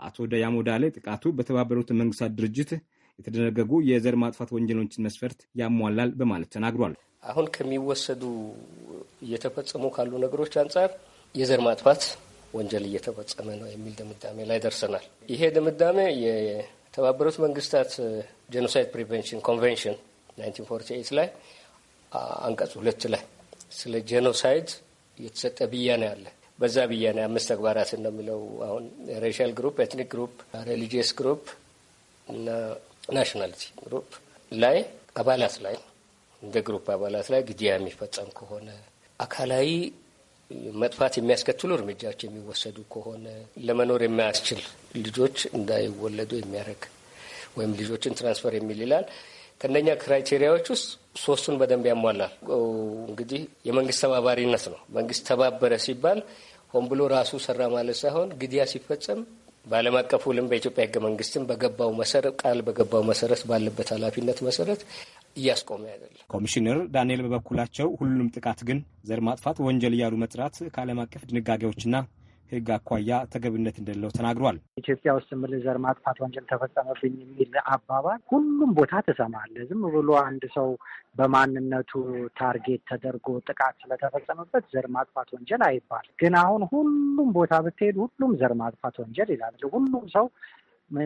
አቶ ደያሞ ዳሌ ጥቃቱ በተባበሩት መንግስታት ድርጅት የተደነገጉ የዘር ማጥፋት ወንጀሎችን መስፈርት ያሟላል በማለት ተናግሯል። አሁን ከሚወሰዱ እየተፈጸሙ ካሉ ነገሮች አንጻር የዘር ማጥፋት ወንጀል እየተፈጸመ ነው የሚል ድምዳሜ ላይ ደርሰናል። ይሄ ድምዳሜ የተባበሩት መንግስታት ጄኖሳይድ ፕሪቨንሽን ኮንቬንሽን 1948 ላይ አንቀጽ ሁለት ላይ ስለ ጄኖሳይድ የተሰጠ ብያኔ አለ። በዛ ነው አምስት ተግባራት የሚለው አሁን ሬሻል ግሩፕ፣ ኤትኒክ ግሩፕ፣ ሬሊጂየስ ግሩፕ እና ናሽናሊቲ ግሩፕ ላይ አባላት ላይ እንደ ግሩፕ አባላት ላይ ግድያ የሚፈጸም ከሆነ አካላዊ መጥፋት የሚያስከትሉ እርምጃዎች የሚወሰዱ ከሆነ ለመኖር የማያስችል ልጆች እንዳይወለዱ የሚያደርግ ወይም ልጆችን ትራንስፈር የሚል ይላል። ከእነኛ ክራይቴሪያዎች ውስጥ ሶስቱን በደንብ ያሟላል። እንግዲህ የመንግስት ተባባሪነት ነው። መንግስት ተባበረ ሲባል ሆን ብሎ ራሱ ሰራ ማለት ሳይሆን ግድያ ሲፈጸም በዓለም አቀፉ ልም በኢትዮጵያ ህገ መንግስትም በገባው መሰረት ቃል በገባው መሰረት ባለበት ኃላፊነት መሰረት እያስቆመ አይደለም። ኮሚሽነር ዳንኤል በበኩላቸው ሁሉንም ጥቃት ግን ዘር ማጥፋት ወንጀል እያሉ መጥራት ከዓለም አቀፍ ድንጋጌዎችና ሕግ አኳያ ተገቢነት እንደሌለው ተናግሯል። ኢትዮጵያ ውስጥ ምል ዘር ማጥፋት ወንጀል ተፈጸመብኝ የሚል አባባል ሁሉም ቦታ ተሰማለ። ዝም ብሎ አንድ ሰው በማንነቱ ታርጌት ተደርጎ ጥቃት ስለተፈጸመበት ዘር ማጥፋት ወንጀል አይባል። ግን አሁን ሁሉም ቦታ ብትሄድ ሁሉም ዘር ማጥፋት ወንጀል ይላል። ሁሉም ሰው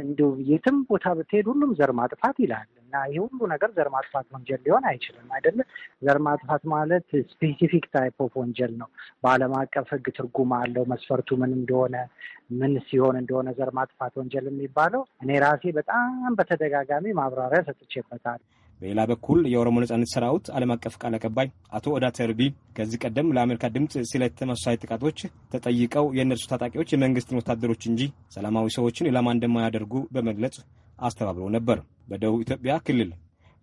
እንዲሁ የትም ቦታ ብትሄድ ሁሉም ዘር ማጥፋት ይላል እና ይህ ሁሉ ነገር ዘር ማጥፋት ወንጀል ሊሆን አይችልም አይደለ። ዘር ማጥፋት ማለት ስፔሲፊክ ታይፕ ኦፍ ወንጀል ነው። በዓለም አቀፍ ሕግ ትርጉም አለው። መስፈርቱ ምን እንደሆነ ምን ሲሆን እንደሆነ ዘር ማጥፋት ወንጀል የሚባለው እኔ ራሴ በጣም በተደጋጋሚ ማብራሪያ ሰጥቼበታል። በሌላ በኩል የኦሮሞ ነጻነት ሰራዊት ዓለም አቀፍ ቃል አቀባይ አቶ ኦዳ ተርቢ ከዚህ ቀደም ለአሜሪካ ድምፅ ስለ ተመሳሳይ ጥቃቶች ተጠይቀው የእነርሱ ታጣቂዎች የመንግስትን ወታደሮች እንጂ ሰላማዊ ሰዎችን ኢላማ እንደማያደርጉ በመግለጽ አስተባብለው ነበር። በደቡብ ኢትዮጵያ ክልል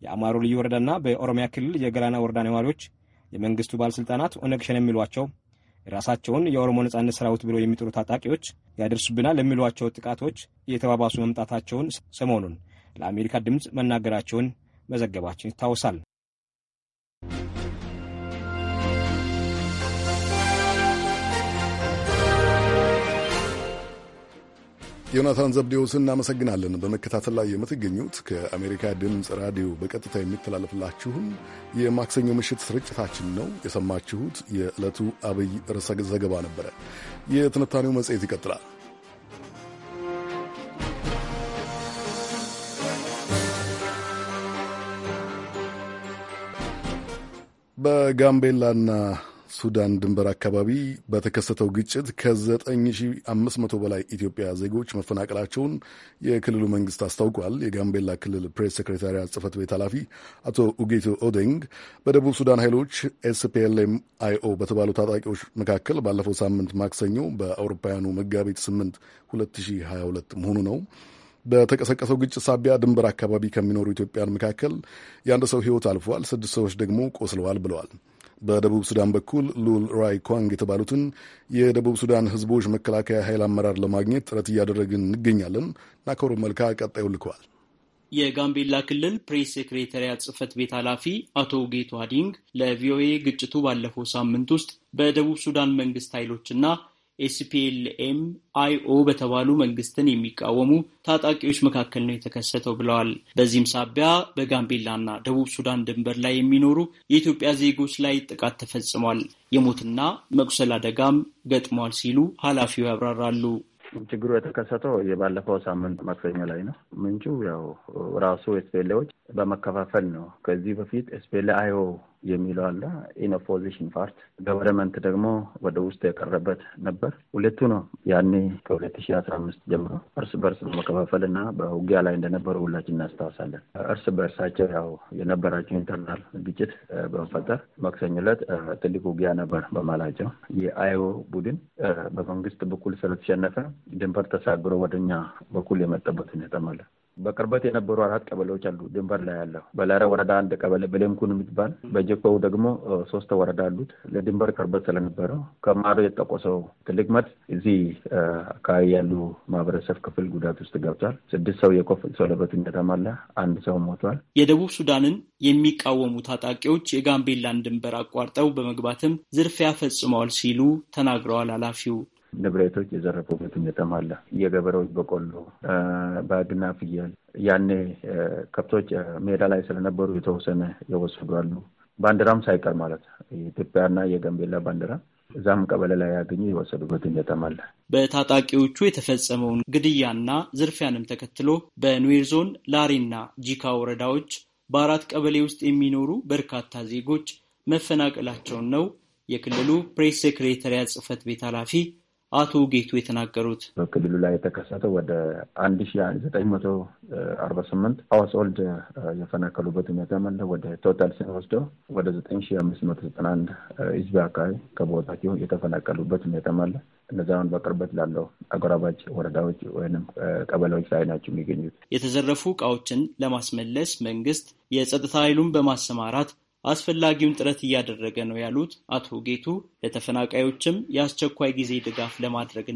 የአማሮ ልዩ ወረዳና በኦሮሚያ ክልል የገላና ወረዳ ነዋሪዎች የመንግስቱ ባለሥልጣናት ኦነግ ሸኔ የሚሏቸው የራሳቸውን የኦሮሞ ነጻነት ሰራዊት ብሎ የሚጥሩ ታጣቂዎች ያደርሱብናል የሚሏቸው ጥቃቶች እየተባባሱ መምጣታቸውን ሰሞኑን ለአሜሪካ ድምፅ መናገራቸውን መዘገባችን ይታወሳል። ዮናታን ዘብዴዎስ እናመሰግናለን። በመከታተል ላይ የምትገኙት ከአሜሪካ ድምፅ ራዲዮ በቀጥታ የሚተላለፍላችሁን የማክሰኞ ምሽት ስርጭታችን ነው። የሰማችሁት የዕለቱ አብይ ርዕሰ ዘገባ ነበረ። የትንታኔው መጽሔት ይቀጥላል። በጋምቤላና ሱዳን ድንበር አካባቢ በተከሰተው ግጭት ከ9500 በላይ ኢትዮጵያ ዜጎች መፈናቀላቸውን የክልሉ መንግስት አስታውቋል። የጋምቤላ ክልል ፕሬስ ሴክሬታሪያት ጽህፈት ቤት ኃላፊ አቶ ኡጌቱ ኦዴንግ በደቡብ ሱዳን ኃይሎች ኤስፒኤልኤም አይኦ በተባሉ ታጣቂዎች መካከል ባለፈው ሳምንት ማክሰኞ በአውሮፓውያኑ መጋቢት 8 2022 መሆኑ ነው በተቀሰቀሰው ግጭት ሳቢያ ድንበር አካባቢ ከሚኖሩ ኢትዮጵያን መካከል የአንድ ሰው ሕይወት አልፏል፣ ስድስት ሰዎች ደግሞ ቆስለዋል ብለዋል። በደቡብ ሱዳን በኩል ሉል ራይ ኳንግ የተባሉትን የደቡብ ሱዳን ህዝቦች መከላከያ ኃይል አመራር ለማግኘት ጥረት እያደረግን እንገኛለን። ናኮር መልካ ቀጣዩ ልከዋል። የጋምቤላ ክልል ፕሬስ ሴክሬታሪያት ጽህፈት ቤት ኃላፊ አቶ ጌቱ አዲንግ ለቪኦኤ ግጭቱ ባለፈው ሳምንት ውስጥ በደቡብ ሱዳን መንግስት ኃይሎችና ኤስፒኤልኤም አይኦ በተባሉ መንግስትን የሚቃወሙ ታጣቂዎች መካከል ነው የተከሰተው ብለዋል። በዚህም ሳቢያ በጋምቤላና ደቡብ ሱዳን ድንበር ላይ የሚኖሩ የኢትዮጵያ ዜጎች ላይ ጥቃት ተፈጽሟል። የሞትና መቁሰል አደጋም ገጥሟል ሲሉ ኃላፊው ያብራራሉ። ችግሩ የተከሰተው የባለፈው ሳምንት ማክሰኞ ላይ ነው። ምንጩ ያው ራሱ ኤስፒኤልኤዎች በመከፋፈል ነው። ከዚህ በፊት ኤስፒኤልኤ አይኦ የሚለው አለ። ኢን ፓርት ገቨርንመንት ደግሞ ወደ ውስጥ የቀረበት ነበር። ሁለቱ ነው ያኔ ከሁለት ሺ አስራ አምስት ጀምሮ እርስ በርስ በመከፋፈል እና በውጊያ ላይ እንደነበሩ ሁላችን እናስታውሳለን። እርስ በርሳቸው ያው የነበራቸው ኢንተርናል ግጭት በመፈጠር ማክሰኞ ዕለት ትልቅ ውጊያ ነበር በማላቸው የአይኦ ቡድን በመንግስት በኩል ስለተሸነፈ ድንበር ተሳግሮ ወደኛ በኩል የመጣበት ሁኔታ ማለት በቅርበት የነበሩ አራት ቀበሌዎች አሉ። ድንበር ላይ ያለው በላረ ወረዳ አንድ ቀበሌ በሌምኩን የሚባል በጀኮው ደግሞ ሶስት ወረዳ አሉት። ለድንበር ቅርበት ስለነበረው ከማዶ የተጠቆሰው ትልቅ መት እዚህ አካባቢ ያሉ ማህበረሰብ ክፍል ጉዳት ውስጥ ገብቷል። ስድስት ሰው የኮፍል ሰለበት እንደተማለ አንድ ሰው ሞቷል። የደቡብ ሱዳንን የሚቃወሙ ታጣቂዎች የጋምቤላን ድንበር አቋርጠው በመግባትም ዝርፊያ ፈጽመዋል ሲሉ ተናግረዋል ኃላፊው ንብረቶች የዘረፉበት ሁኔታም አለ። የገበሬዎች በቆሎ፣ በግና ፍየል ያኔ ከብቶች ሜዳ ላይ ስለነበሩ የተወሰነ የወሰዱ አሉ። ባንዲራም ሳይቀር ማለት የኢትዮጵያና የገንቤላ ባንዲራ እዛም ቀበሌ ላይ ያገኙ የወሰዱበት ሁኔታም አለ። በታጣቂዎቹ የተፈጸመውን ግድያና ዝርፊያንም ተከትሎ በኑዌር ዞን ላሪና ጂካ ወረዳዎች በአራት ቀበሌ ውስጥ የሚኖሩ በርካታ ዜጎች መፈናቀላቸውን ነው የክልሉ ፕሬስ ሴክሬታሪያት ጽህፈት ቤት ኃላፊ አቶ ጌቱ የተናገሩት በክልሉ ላይ የተከሰተው ወደ አንድ ሺ ዘጠኝ መቶ አርባ ስምንት ሀውስ ሆልድ የፈናቀሉበት ሁኔታ መለ ወደ ቶታል ስንወስደው ወደ ዘጠኝ ሺ አምስት መቶ ዘጠና አንድ ህዝቢ አካባቢ ከቦታቸው የተፈናቀሉበት ሁኔታ መለ እነዚያውን በቅርበት ላለው አጎራባች ወረዳዎች ወይም ቀበሌዎች ላይ ናቸው የሚገኙት። የተዘረፉ እቃዎችን ለማስመለስ መንግስት የጸጥታ ኃይሉን በማሰማራት አስፈላጊውን ጥረት እያደረገ ነው ያሉት አቶ ጌቱ ለተፈናቃዮችም የአስቸኳይ ጊዜ ድጋፍ ለማድረግ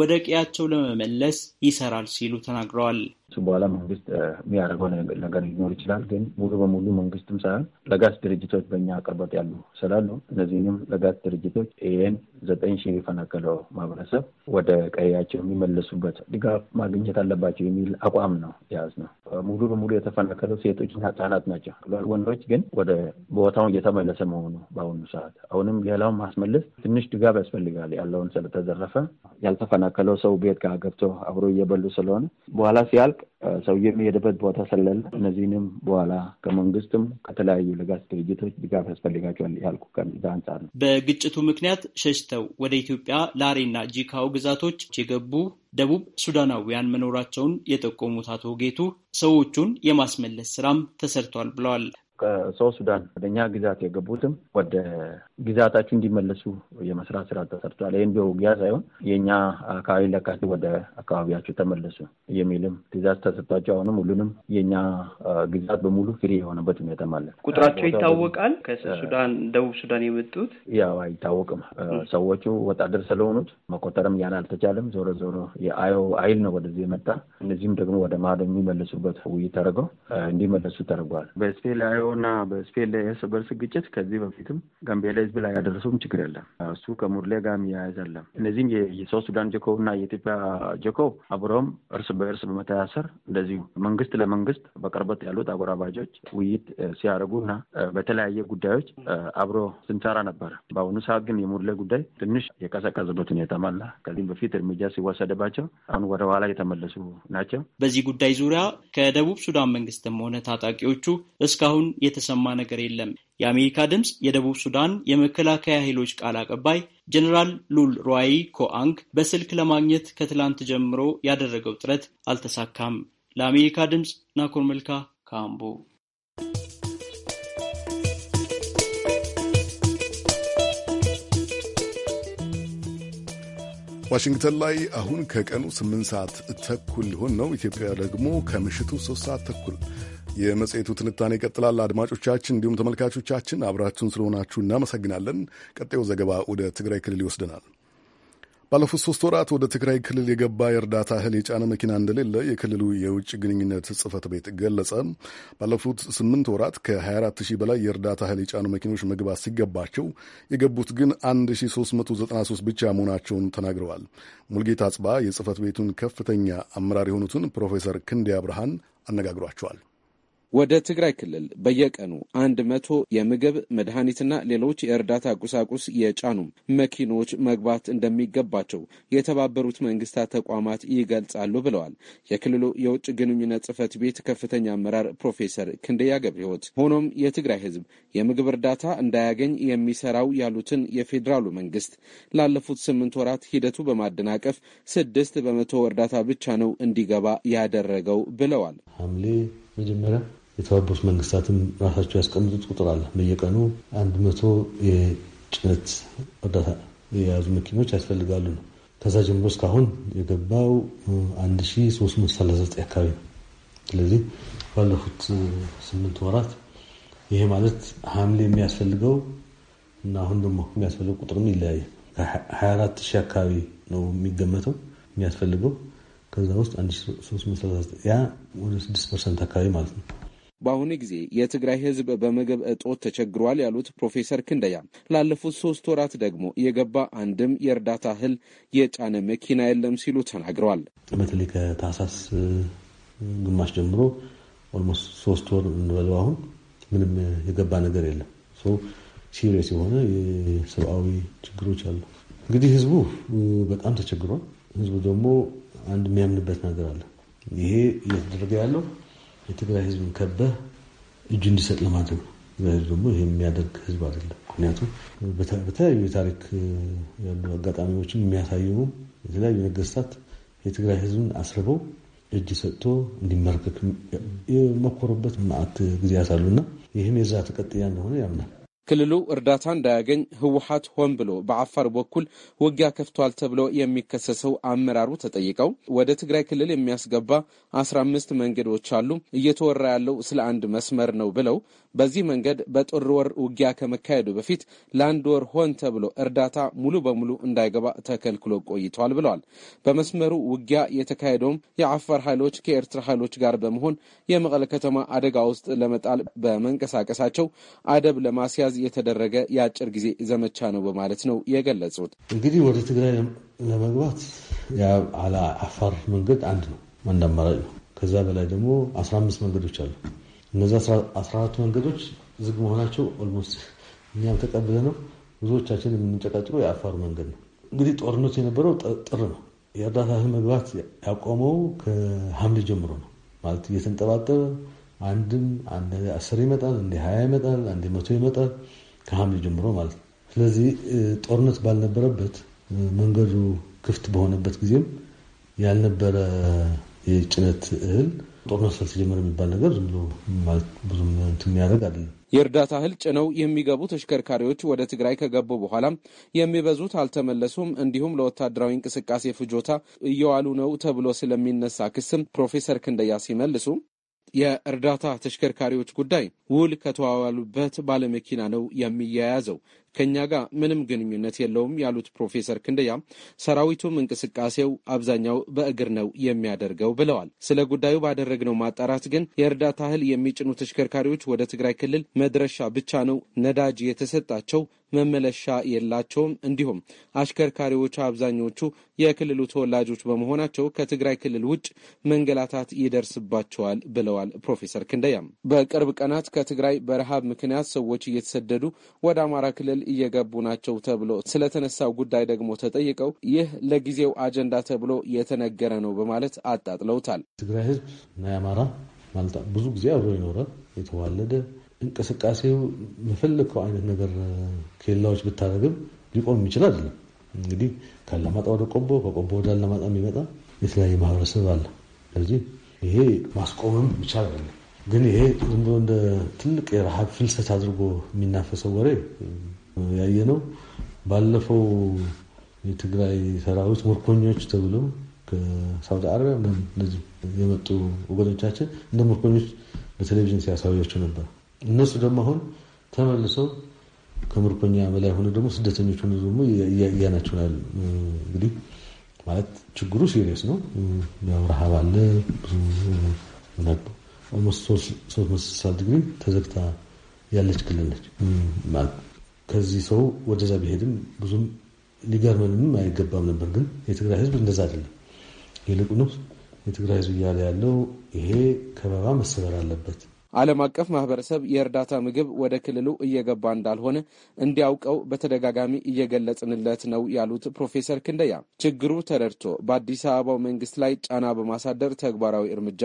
ወደ ቀያቸው ለመመለስ ይሰራል ሲሉ ተናግረዋል። እሱ በኋላ መንግስት የሚያደርገው ነገር ሊኖር ይችላል። ግን ሙሉ በሙሉ መንግስትም ሳይሆን ለጋስ ድርጅቶች በእኛ አቅርቦት ያሉ ስላሉ እነዚህንም ለጋስ ድርጅቶች ይህን ዘጠኝ ሺህ የፈናቀለው ማህበረሰብ ወደ ቀያቸው የሚመለሱበት ድጋፍ ማግኘት አለባቸው የሚል አቋም ነው የያዝነው። ሙሉ በሙሉ የተፈናቀለው ሴቶችና ህጻናት ናቸው። ወንዶች ግን ወደ ቦታው እየተመለሰ መሆኑ በአሁኑ ሰዓት አሁንም ሌላውን ማስመለስ ትንሽ ድጋፍ ያስፈልጋል። ያለውን ስለተዘረፈ ያልተፈናቀለው ሰው ቤት ጋር ገብቶ አብሮ እየበሉ ስለሆነ በኋላ ሲያል ሰው የሚሄድበት ቦታ ስለለ እነዚህንም በኋላ ከመንግስትም ከተለያዩ ለጋስ ድርጅቶች ድጋፍ ያስፈልጋቸዋል ያልኩ ከሚዛ አንጻር ነው። በግጭቱ ምክንያት ሸሽተው ወደ ኢትዮጵያ ላሬና ጂካው ግዛቶች የገቡ ደቡብ ሱዳናውያን መኖራቸውን የጠቆሙት አቶ ጌቱ ሰዎቹን የማስመለስ ስራም ተሰርቷል ብለዋል። ከሰው ሱዳን ወደ እኛ ግዛት የገቡትም ወደ ግዛታቸው እንዲመለሱ የመስራት ስራ ተሰርቷል። ይህም በውጊያ ሳይሆን የእኛ አካባቢ ለቃችሁ ወደ አካባቢያቸው ተመለሱ የሚልም ትእዛዝ ተሰጥቷቸው አሁንም ሁሉንም የእኛ ግዛት በሙሉ ፍሪ የሆነበት ሁኔታ አለ። ቁጥራቸው ይታወቃል። ከሱዳን ደቡብ ሱዳን የመጡት ያው አይታወቅም። ሰዎቹ ወታደር ስለሆኑት መቆጠርም ያን አልተቻለም። ዞሮ ዞሮ የአዮ አይል ነው ወደዚህ የመጣ እነዚህም ደግሞ ወደ ማዶ የሚመለሱበት ውይይት ተደርገው እንዲመለሱ ተደርጓል። በስፔ ላዮ በሜክሲኮና በስፔን ላይ እርስ በርስ ግጭት ከዚህ በፊትም ጋምቤላ ህዝብ ላይ ያደረሰውም ችግር የለም። እሱ ከሙርሌ ጋር የሚያያዛለም እነዚህም የሰው ሱዳን ጀኮብ እና የኢትዮጵያ ጀኮብ አብረውም እርስ በእርስ በመተሳሰር እንደዚሁ መንግስት ለመንግስት በቅርበት ያሉት አጎራባጆች ውይይት ሲያደርጉና በተለያየ ጉዳዮች አብሮ ስንሰራ ነበረ። በአሁኑ ሰዓት ግን የሙርሌ ጉዳይ ትንሽ የቀሰቀዝበት ሁኔታ ማላ ከዚህም በፊት እርምጃ ሲወሰደባቸው አሁን ወደ ኋላ የተመለሱ ናቸው። በዚህ ጉዳይ ዙሪያ ከደቡብ ሱዳን መንግስትም ሆነ ታጣቂዎቹ እስካሁን የተሰማ ነገር የለም። የአሜሪካ ድምፅ የደቡብ ሱዳን የመከላከያ ኃይሎች ቃል አቀባይ ጀኔራል ሉል ሩዋይ ኮአንግ በስልክ ለማግኘት ከትላንት ጀምሮ ያደረገው ጥረት አልተሳካም። ለአሜሪካ ድምፅ ናኮር መልካ ካምቦ። ዋሽንግተን ላይ አሁን ከቀኑ 8 ሰዓት ተኩል ሊሆን ነው። ኢትዮጵያ ደግሞ ከምሽቱ 3 ሰዓት ተኩል የመጽሔቱ ትንታኔ ይቀጥላል። አድማጮቻችን፣ እንዲሁም ተመልካቾቻችን አብራችሁን ስለሆናችሁ እናመሰግናለን። ቀጣዩ ዘገባ ወደ ትግራይ ክልል ይወስደናል። ባለፉት ሶስት ወራት ወደ ትግራይ ክልል የገባ የእርዳታ እህል የጫነ መኪና እንደሌለ የክልሉ የውጭ ግንኙነት ጽህፈት ቤት ገለጸ። ባለፉት ስምንት ወራት ከ24 ሺህ በላይ የእርዳታ እህል የጫኑ መኪኖች መግባት ሲገባቸው የገቡት ግን 1393 ብቻ መሆናቸውን ተናግረዋል። ሙልጌታ አጽባ የጽህፈት ቤቱን ከፍተኛ አመራር የሆኑትን ፕሮፌሰር ክንዲያ ብርሃን አነጋግሯቸዋል። ወደ ትግራይ ክልል በየቀኑ አንድ መቶ የምግብ መድኃኒትና ሌሎች የእርዳታ ቁሳቁስ የጫኑ መኪኖች መግባት እንደሚገባቸው የተባበሩት መንግስታት ተቋማት ይገልጻሉ ብለዋል የክልሉ የውጭ ግንኙነት ጽህፈት ቤት ከፍተኛ አመራር ፕሮፌሰር ክንደያ ገብረ ሆኖም የትግራይ ህዝብ የምግብ እርዳታ እንዳያገኝ የሚሰራው ያሉትን የፌዴራሉ መንግስት ላለፉት ስምንት ወራት ሂደቱ በማደናቀፍ ስድስት በመቶ እርዳታ ብቻ ነው እንዲገባ ያደረገው ብለዋል። መጀመሪያ የተባበሩት መንግስታትም ራሳቸው ያስቀምጡት ቁጥር አለ። በየቀኑ አንድ መቶ የጭነት እርዳታ የያዙ መኪኖች ያስፈልጋሉ ነው። ከዛ ጀምሮ እስካሁን የገባው 1339 አካባቢ ነው። ስለዚህ ባለፉት ስምንት ወራት ይሄ ማለት ሐምሌ የሚያስፈልገው እና አሁን ደግሞ የሚያስፈልገው ቁጥርም ይለያየ ከ24 ሺህ አካባቢ ነው የሚገመተው የሚያስፈልገው ከዛ ውስጥ 1339 ያ ወደ 6 ፐርሰንት አካባቢ ማለት ነው። በአሁኑ ጊዜ የትግራይ ህዝብ በምግብ እጦት ተቸግሯል ያሉት ፕሮፌሰር ክንደያ ላለፉት ሶስት ወራት ደግሞ የገባ አንድም የእርዳታ እህል የጫነ መኪና የለም ሲሉ ተናግረዋል። በተለይ ከታህሳስ ግማሽ ጀምሮ ኦልሞስት ሶስት ወር እንበለው አሁን ምንም የገባ ነገር የለም። ሲሪየስ የሆነ የሰብአዊ ችግሮች አሉ። እንግዲህ ህዝቡ በጣም ተቸግሯል። ህዝቡ ደግሞ አንድ የሚያምንበት ነገር አለ። ይሄ እየተደረገ ያለው የትግራይ ህዝብን ከበህ እጁ እንዲሰጥ ለማድረግ ነው። ትግራይ ህዝብ ደግሞ ይህ የሚያደርግ ህዝብ አይደለም። ምክንያቱም በተለያዩ የታሪክ ያሉ አጋጣሚዎችን የሚያሳየው የተለያዩ ነገስታት የትግራይ ህዝብን አስርበው እጅ ሰጥቶ እንዲመረከክ የሞከሩበት መዓት ጊዜ ያሳሉና ይህም የዛ ተቀጥያ እንደሆነ ያምናል። ክልሉ እርዳታ እንዳያገኝ ህወሀት ሆን ብሎ በአፋር በኩል ውጊያ ከፍቷል ተብሎ የሚከሰሰው አመራሩ ተጠይቀው ወደ ትግራይ ክልል የሚያስገባ አስራ አምስት መንገዶች አሉ፣ እየተወራ ያለው ስለ አንድ መስመር ነው ብለው በዚህ መንገድ በጥር ወር ውጊያ ከመካሄዱ በፊት ለአንድ ወር ሆን ተብሎ እርዳታ ሙሉ በሙሉ እንዳይገባ ተከልክሎ ቆይተዋል ብለዋል። በመስመሩ ውጊያ የተካሄደውም የአፋር ኃይሎች ከኤርትራ ኃይሎች ጋር በመሆን የመቀለ ከተማ አደጋ ውስጥ ለመጣል በመንቀሳቀሳቸው አደብ ለማስያዝ የተደረገ የአጭር ጊዜ ዘመቻ ነው በማለት ነው የገለጹት። እንግዲህ ወደ ትግራይ ለመግባት አላ አፋር መንገድ አንድ ነው፣ አንድ አማራጭ ነው። ከዛ በላይ ደግሞ 15 መንገዶች አሉ። እነዚህ 14 መንገዶች ዝግ መሆናቸው ኦልሞስት እኛም ተቀብለ ነው ብዙዎቻችን የምንጨቃጭሩ የአፋር መንገድ ነው። እንግዲህ ጦርነቱ የነበረው ጥር ነው። የእርዳታ መግባት ያቆመው ከሐምሌ ጀምሮ ነው ማለት እየተንጠባጠበ አንድም አንድ አስር ይመጣል፣ አንድ ሀያ ይመጣል፣ አንድ መቶ ይመጣል ከሐምሌ ጀምሮ ማለት ነው። ስለዚህ ጦርነት ባልነበረበት መንገዱ ክፍት በሆነበት ጊዜም ያልነበረ የጭነት እህል ጦርነት ስለተጀመረ የሚባል ነገር ዝም ብሎ ብዙም እንትን የሚያደርግ አይደለም። የእርዳታ እህል ጭነው የሚገቡ ተሽከርካሪዎች ወደ ትግራይ ከገቡ በኋላም የሚበዙት አልተመለሱም፣ እንዲሁም ለወታደራዊ እንቅስቃሴ ፍጆታ እየዋሉ ነው ተብሎ ስለሚነሳ ክስም ፕሮፌሰር ክንደያ ሲመልሱ የእርዳታ ተሽከርካሪዎች ጉዳይ ውል ከተዋዋሉበት ባለመኪና ነው የሚያያዘው። ከእኛ ጋር ምንም ግንኙነት የለውም ያሉት ፕሮፌሰር ክንደያ ሰራዊቱም እንቅስቃሴው አብዛኛው በእግር ነው የሚያደርገው ብለዋል። ስለ ጉዳዩ ባደረግነው ማጣራት ግን የእርዳታ እህል የሚጭኑ ተሽከርካሪዎች ወደ ትግራይ ክልል መድረሻ ብቻ ነው ነዳጅ የተሰጣቸው መመለሻ የላቸውም። እንዲሁም አሽከርካሪዎቹ አብዛኞቹ የክልሉ ተወላጆች በመሆናቸው ከትግራይ ክልል ውጭ መንገላታት ይደርስባቸዋል ብለዋል ፕሮፌሰር ክንደያም። በቅርብ ቀናት ከትግራይ በረሃብ ምክንያት ሰዎች እየተሰደዱ ወደ አማራ ክልል ክልል እየገቡ ናቸው ተብሎ ስለተነሳው ጉዳይ ደግሞ ተጠይቀው ይህ ለጊዜው አጀንዳ ተብሎ የተነገረ ነው በማለት አጣጥለውታል። ትግራይ ህዝብ እና የአማራ ማለት ብዙ ጊዜ አብሮ ይኖረ የተዋለደ እንቅስቃሴው መፈለግከው አይነት ነገር ኬላዎች ብታደርግም ሊቆም የሚችል አይደለም። እንግዲህ ከአላማጣ ወደ ቆቦ፣ ከቆቦ ወደ አላማጣ የሚመጣ የተለያየ ማህበረሰብ አለ። ስለዚህ ይሄ ማስቆምም ይቻል አይደለም። ግን ይሄ ዝም ብሎ እንደ ትልቅ የረሃብ ፍልሰት አድርጎ የሚናፈሰው ወሬ ያየ ነው ባለፈው የትግራይ ሰራዊት ምርኮኞች ተብለው ከሳውዲ አረቢያ እነዚህ የመጡ ወገኖቻችን እንደ ምርኮኞች በቴሌቪዥን ሲያሳያቸው ነበር። እነሱ ደግሞ አሁን ተመልሰው ከምርኮኛ በላይ ሆነ ደግሞ ስደተኞች ሆነ ደግሞ እያናቸው ያሉ እንግዲህ ማለት ችግሩ ሲሪየስ ነው። ረሃብ አለ። ሶስት መቶ ዲግሪ ተዘግታ ያለች ክልል ነች ማለት ከዚህ ሰው ወደዛ ቢሄድም ብዙም ሊገርመንም አይገባም ነበር። ግን የትግራይ ህዝብ እንደዛ አይደለም። ይልቁንም የትግራይ ህዝብ እያለ ያለው ይሄ ከበባ መሰበር አለበት። ዓለም አቀፍ ማህበረሰብ የእርዳታ ምግብ ወደ ክልሉ እየገባ እንዳልሆነ እንዲያውቀው በተደጋጋሚ እየገለጽንለት ነው ያሉት ፕሮፌሰር ክንደያ ችግሩ ተረድቶ በአዲስ አበባው መንግስት ላይ ጫና በማሳደር ተግባራዊ እርምጃ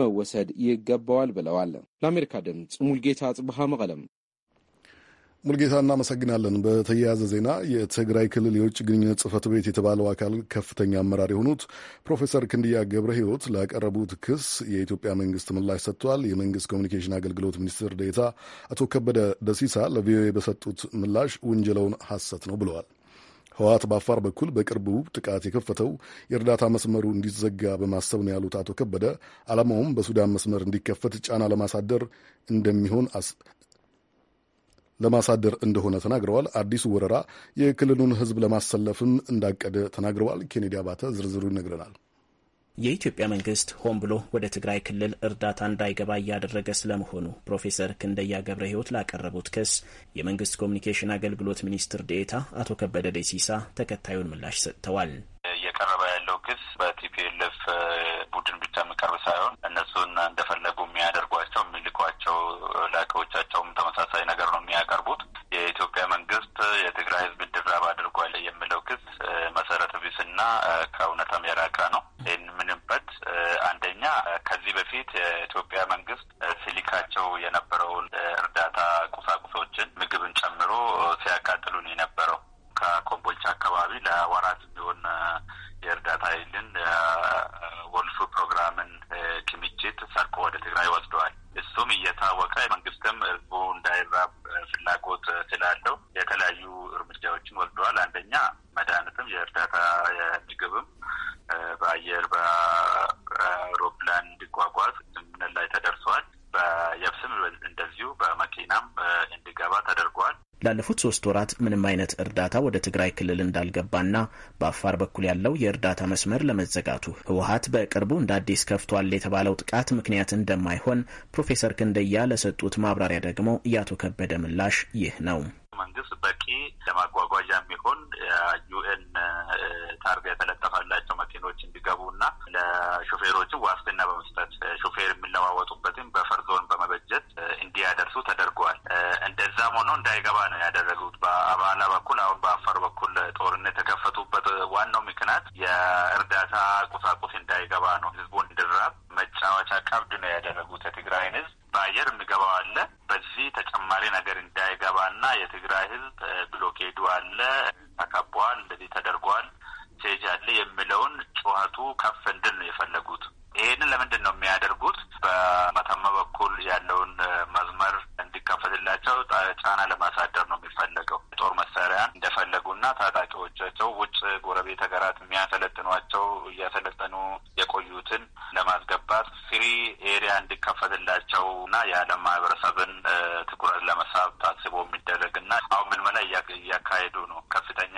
መወሰድ ይገባዋል ብለዋል። ለአሜሪካ ድምፅ ሙልጌታ አጽብሃ መቀለም ሙልጌታ እናመሰግናለን። በተያያዘ ዜና የትግራይ ክልል የውጭ ግንኙነት ጽህፈት ቤት የተባለው አካል ከፍተኛ አመራር የሆኑት ፕሮፌሰር ክንድያ ገብረ ህይወት ላቀረቡት ክስ የኢትዮጵያ መንግስት ምላሽ ሰጥቷል። የመንግስት ኮሚኒኬሽን አገልግሎት ሚኒስትር ዴታ አቶ ከበደ ደሲሳ ለቪኦኤ በሰጡት ምላሽ ውንጀላውን ሐሰት ነው ብለዋል። ህወሓት በአፋር በኩል በቅርቡ ጥቃት የከፈተው የእርዳታ መስመሩ እንዲዘጋ በማሰብ ነው ያሉት አቶ ከበደ ዓላማውም በሱዳን መስመር እንዲከፈት ጫና ለማሳደር እንደሚሆን ለማሳደር እንደሆነ ተናግረዋል። አዲሱ ወረራ የክልሉን ህዝብ ለማሰለፍም እንዳቀደ ተናግረዋል። ኬኔዲ አባተ ዝርዝሩ ይነግረናል። የኢትዮጵያ መንግስት ሆን ብሎ ወደ ትግራይ ክልል እርዳታ እንዳይገባ እያደረገ ስለመሆኑ ፕሮፌሰር ክንደያ ገብረ ህይወት ላቀረቡት ክስ የመንግስት ኮሚኒኬሽን አገልግሎት ሚኒስትር ዴኤታ አቶ ከበደ ደሲሳ ተከታዩን ምላሽ ሰጥተዋል። እየቀረበ ያለው ክስ በቲፒኤልኤፍ ቡድን ብቻ የሚቀርብ ሳይሆን እነሱን እንደፈለጉ የሚያደርጓቸው የሚልኳቸው ላኪዎቻቸውም ተመሳሳይ ነገር ነው የሚያቀርቡት። የኢትዮጵያ መንግስት የትግራይ ህዝብ ድራብ አድርጓል የሚለው ክስ መሰረተ ቢስና ከእውነታም የራቀ ነው። ይህን ምንበት አንደኛ ከዚህ በፊት የኢትዮጵያ መንግስት ሲልካቸው የነበረውን እርዳታ ቁሳቁሶችን ምግብን ጨምሮ ሲያቃጥሉን የነበረው ከኮምቦልቻ አካባቢ ለወራት የሚሆን የእርዳታ ኃይልን ወልፉ ፕሮግራምን ክምችት ሰርቆ ወደ ትግራይ ወስደዋል። እሱም እየታወቀ መንግስትም ህዝቡ እንዳይራብ ፍላጎት ስላለው የተለያዩ እርምጃዎችን ወስደዋል። አንደኛ መድኃኒትም የእርዳታ ምግብም በአየር በአውሮፕላን እንዲጓጓዝ ስምምነት ላይ ተደርሰዋል። በየብስም እንደዚሁ በመኪናም እንዲገባ ተደርጓል። ላለፉት ሶስት ወራት ምንም አይነት እርዳታ ወደ ትግራይ ክልል እንዳልገባና በአፋር በኩል ያለው የእርዳታ መስመር ለመዘጋቱ ህወሀት በቅርቡ እንደ አዲስ ከፍቷል የተባለው ጥቃት ምክንያት እንደማይሆን ፕሮፌሰር ክንደያ ለሰጡት ማብራሪያ ደግሞ የአቶ ከበደ ምላሽ ይህ ነው። መንግስት በቂ ለማጓጓዣ የሚሆን ዩኤን ታርጋ የተለጠፈላቸው መኪኖች እንዲገቡ እና ለሾፌሮቹ ዋስትና በመስጠት የሚለዋወጡበትም የሚለዋወጡበትን በፈርዞን በመበጀት እንዲያደርሱ ተደርገዋል። እንደዛም ሆኖ እንዳይገባ ነው ያደረጉት። በአባላ በኩል አሁን በአፋር በኩል ጦርነት የተከፈቱበት ዋናው ምክንያት የእርዳታ ቁሳቁስ እንዳይገባ ነው፣ ህዝቡ እንዲራብ መጫወቻ ቀብድ ነው ያደረጉት የትግራይን ህዝብ በአየር የሚገባው አለ። በዚህ ተጨማሪ ነገር እንዳይገባና የትግራይ ህዝብ ብሎኬዱ አለ፣ ተከቧል፣ እንደዚህ ተደርጓል፣ ሴጅ አለ የሚለውን ጩኸቱ ከፍ እንድን ነው የፈለጉት። ይህንን ለምንድን ነው የሚያደርጉት? በመተማ በኩል ያለውን መዝመር እንዲከፈትላቸው ጫና ለማሳደር ነው የሚፈለገው። ጦር መሳሪያን እንደፈለጉና ታጣቂዎቻቸው ውጭ ጎረቤት ሀገራት የሚያሰለጥኗቸው እያሰለጠኑ የቆዩትን ለማስገባት ፍሪ ኤሪያ እንዲከፈትላቸው እና የዓለም ማህበረሰብን ትኩረት ለመሳብ ታስቦ የሚደረግ እና አሁን ምልመላ እያካሄዱ ነው። ከፍተኛ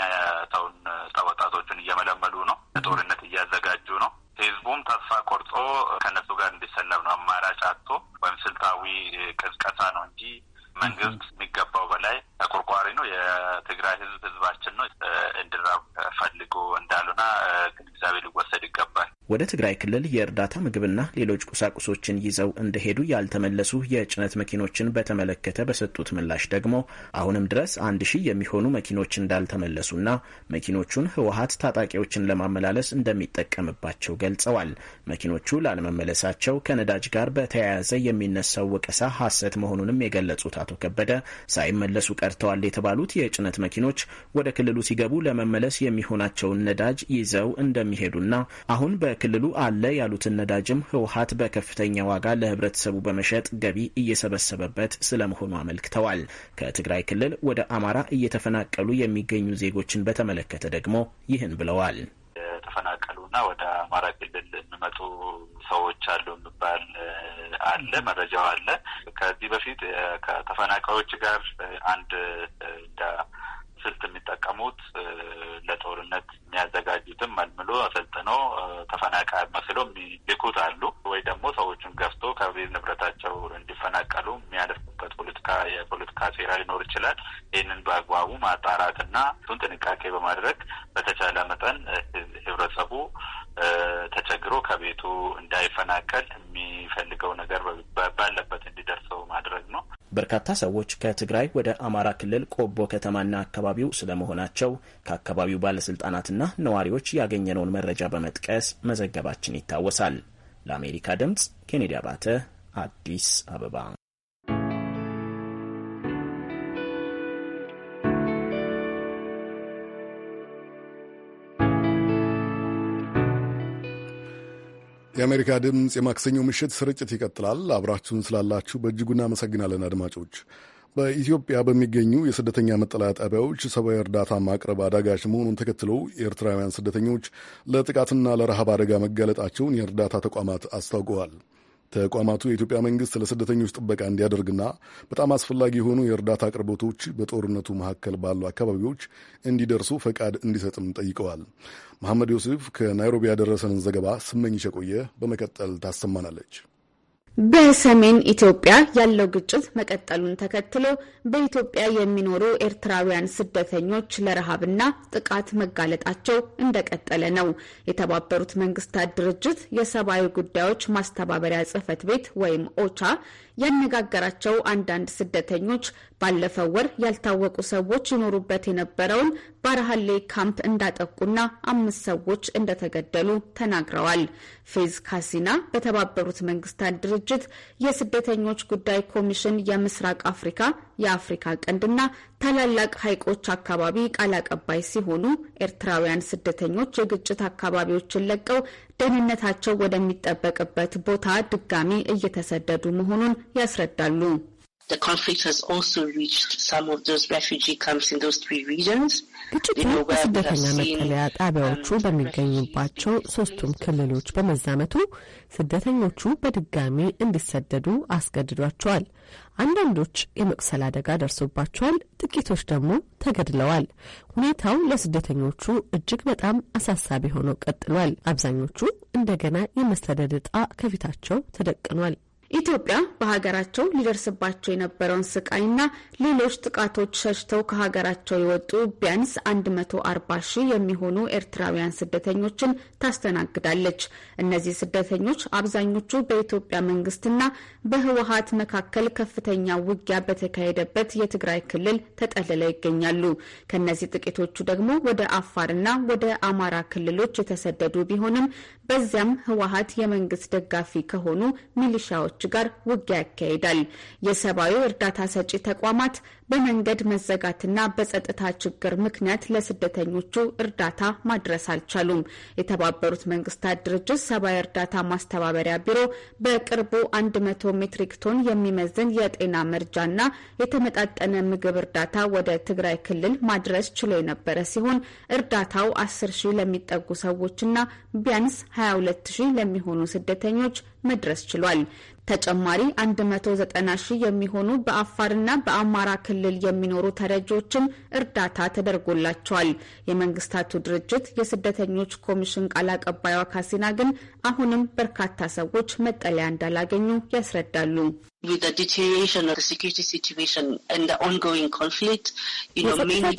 ሰውን ወጣቶችን እየመለመሉ ነው። ለጦርነት እያዘጋጁ ነው። ህዝቡም ተስፋ ቆርጦ ከነሱ ጋር እንዲሰለፍ ነው። አማራጭ አቶ ወይም ስልታዊ ቅዝቀሳ ነው እንጂ መንግስት የሚገባው በላይ ተቆርቋሪ ነው። የትግራይ ህዝብ ህዝባችን ነው። እንዲራብ ፈልጎ እንዳሉና ግንዛቤ ሊወሰድ ይገባል። ወደ ትግራይ ክልል የእርዳታ ምግብና ሌሎች ቁሳቁሶችን ይዘው እንደሄዱ ያልተመለሱ የጭነት መኪኖችን በተመለከተ በሰጡት ምላሽ ደግሞ አሁንም ድረስ አንድ ሺህ የሚሆኑ መኪኖች እንዳልተመለሱና መኪኖቹን ህወሀት ታጣቂዎችን ለማመላለስ እንደሚጠቀምባቸው ገልጸዋል። መኪኖቹ ላለመመለሳቸው ከነዳጅ ጋር በተያያዘ የሚነሳው ወቀሳ ሀሰት መሆኑንም የገለጹት አቶ ከበደ ሳይመለሱ ቀርተዋል የተባሉት የጭነት መኪኖች ወደ ክልሉ ሲገቡ ለመመለስ የሚሆናቸውን ነዳጅ ይዘው እንደሚሄዱና አሁን በክልሉ አለ ያሉትን ነዳጅም ህወሀት በከፍተኛ ዋጋ ለህብረተሰቡ በመሸጥ ገቢ እየሰበሰበበት ስለመሆኑ አመልክተዋል። ከትግራይ ክልል ወደ አማራ እየተፈናቀሉ የሚገኙ ዜጎችን በተመለከተ ደግሞ ይህን ብለዋል። የተፈናቀሉና ወደ አማራ ክልል የሚመጡ ሰዎች አሉ የሚባል አለ፣ መረጃው አለ። ከዚህ በፊት ከተፈናቃዮች ጋር አንድ እንደ ስልት የሚጠቀሙት ለጦርነት የሚያዘጋጁትም መልምሎ አሰልጥኖ ተፈናቃይ መስሎ የሚልኩት አሉ። ወይ ደግሞ ሰዎቹን ገፍቶ ከቤት ንብረታቸው እንዲፈናቀሉ የሚያደርጉበት ፖለቲካ የፖለቲካ ሴራ ሊኖር ይችላል። ይህንን በአግባቡ ማጣራትና እሱን ጥንቃቄ በማድረግ በተቻለ መጠን ህብረተሰቡ ተቸግሮ ከቤቱ እንዳይፈናቀል የሚፈልገው ነገር ባለበት እንዲደርሰው ማድረግ ነው። በርካታ ሰዎች ከትግራይ ወደ አማራ ክልል ቆቦ ከተማና አካባቢው ስለመሆናቸው ከአካባቢው ባለስልጣናትና ነዋሪዎች ያገኘነውን መረጃ በመጥቀስ መዘገባችን ይታወሳል። ለአሜሪካ ድምጽ ኬኔዲ አባተ አዲስ አበባ። የአሜሪካ ድምፅ የማክሰኞ ምሽት ስርጭት ይቀጥላል። አብራችሁን ስላላችሁ በእጅጉ እናመሰግናለን አድማጮች። በኢትዮጵያ በሚገኙ የስደተኛ መጠለያ ጣቢያዎች ሰብአዊ እርዳታ ማቅረብ አዳጋች መሆኑን ተከትሎ የኤርትራውያን ስደተኞች ለጥቃትና ለረሃብ አደጋ መጋለጣቸውን የእርዳታ ተቋማት አስታውቀዋል። ተቋማቱ የኢትዮጵያ መንግስት ለስደተኞች ጥበቃ እንዲያደርግና በጣም አስፈላጊ የሆኑ የእርዳታ አቅርቦቶች በጦርነቱ መካከል ባሉ አካባቢዎች እንዲደርሱ ፈቃድ እንዲሰጥም ጠይቀዋል። መሐመድ ዮሴፍ ከናይሮቢ ያደረሰንን ዘገባ ስመኝሽ የቆየ በመቀጠል ታሰማናለች። በሰሜን ኢትዮጵያ ያለው ግጭት መቀጠሉን ተከትሎ በኢትዮጵያ የሚኖሩ ኤርትራውያን ስደተኞች ለረሃብና ጥቃት መጋለጣቸው እንደቀጠለ ነው። የተባበሩት መንግስታት ድርጅት የሰብአዊ ጉዳዮች ማስተባበሪያ ጽህፈት ቤት ወይም ኦቻ ያነጋገራቸው አንዳንድ ስደተኞች ባለፈው ወር ያልታወቁ ሰዎች ይኖሩበት የነበረውን ባረሃሌ ካምፕ እንዳጠቁና አምስት ሰዎች እንደተገደሉ ተናግረዋል። ፌዝ ካሲና በተባበሩት መንግስታት ድርጅት የስደተኞች ጉዳይ ኮሚሽን የምስራቅ አፍሪካ የአፍሪካ ቀንድና ታላላቅ ሐይቆች አካባቢ ቃል አቀባይ ሲሆኑ ኤርትራውያን ስደተኞች የግጭት አካባቢዎችን ለቀው ደህንነታቸው ወደሚጠበቅበት ቦታ ድጋሚ እየተሰደዱ መሆኑን ያስረዳሉ። ግጭቱ በስደተኛ መጠለያ ጣቢያዎቹ um, በሚገኙባቸው ሶስቱም ክልሎች በመዛመቱ ስደተኞቹ በድጋሚ እንዲሰደዱ አስገድዷቸዋል። አንዳንዶች የመቁሰል አደጋ ደርሶባቸዋል፣ ጥቂቶች ደግሞ ተገድለዋል። ሁኔታው ለስደተኞቹ እጅግ በጣም አሳሳቢ ሆኖ ቀጥሏል። አብዛኞቹ እንደገና የመሰደድ ዕጣ ከፊታቸው ተደቅኗል። ኢትዮጵያ በሀገራቸው ሊደርስባቸው የነበረውን ስቃይና ሌሎች ጥቃቶች ሸሽተው ከሀገራቸው የወጡ ቢያንስ 140 ሺህ የሚሆኑ ኤርትራውያን ስደተኞችን ታስተናግዳለች። እነዚህ ስደተኞች አብዛኞቹ በኢትዮጵያ መንግስትና በህወሀት መካከል ከፍተኛ ውጊያ በተካሄደበት የትግራይ ክልል ተጠልለው ይገኛሉ። ከነዚህ ጥቂቶቹ ደግሞ ወደ አፋርና ወደ አማራ ክልሎች የተሰደዱ ቢሆንም በዚያም ህወሀት የመንግስት ደጋፊ ከሆኑ ሚሊሻዎች ጋር ውጊያ ያካሂዳል። የሰብአዊ እርዳታ ሰጪ ተቋማት በመንገድ መዘጋትና በጸጥታ ችግር ምክንያት ለስደተኞቹ እርዳታ ማድረስ አልቻሉም። የተባበሩት መንግስታት ድርጅት ሰብአዊ እርዳታ ማስተባበሪያ ቢሮ በቅርቡ 100 ሜትሪክ ቶን የሚመዝን የጤና መርጃና የተመጣጠነ ምግብ እርዳታ ወደ ትግራይ ክልል ማድረስ ችሎ የነበረ ሲሆን እርዳታው 10 ሺህ ለሚጠጉ ሰዎችና ቢያንስ 22 ሺህ ለሚሆኑ ስደተኞች መድረስ ችሏል። ተጨማሪ 190 ሺህ የሚሆኑ በአፋርና በአማራ ክልል ክልል የሚኖሩ ተረጂዎችም እርዳታ ተደርጎላቸዋል። የመንግስታቱ ድርጅት የስደተኞች ኮሚሽን ቃል አቀባይዋ ካሲና ግን አሁንም በርካታ ሰዎች መጠለያ እንዳላገኙ ያስረዳሉ። የጸጥታ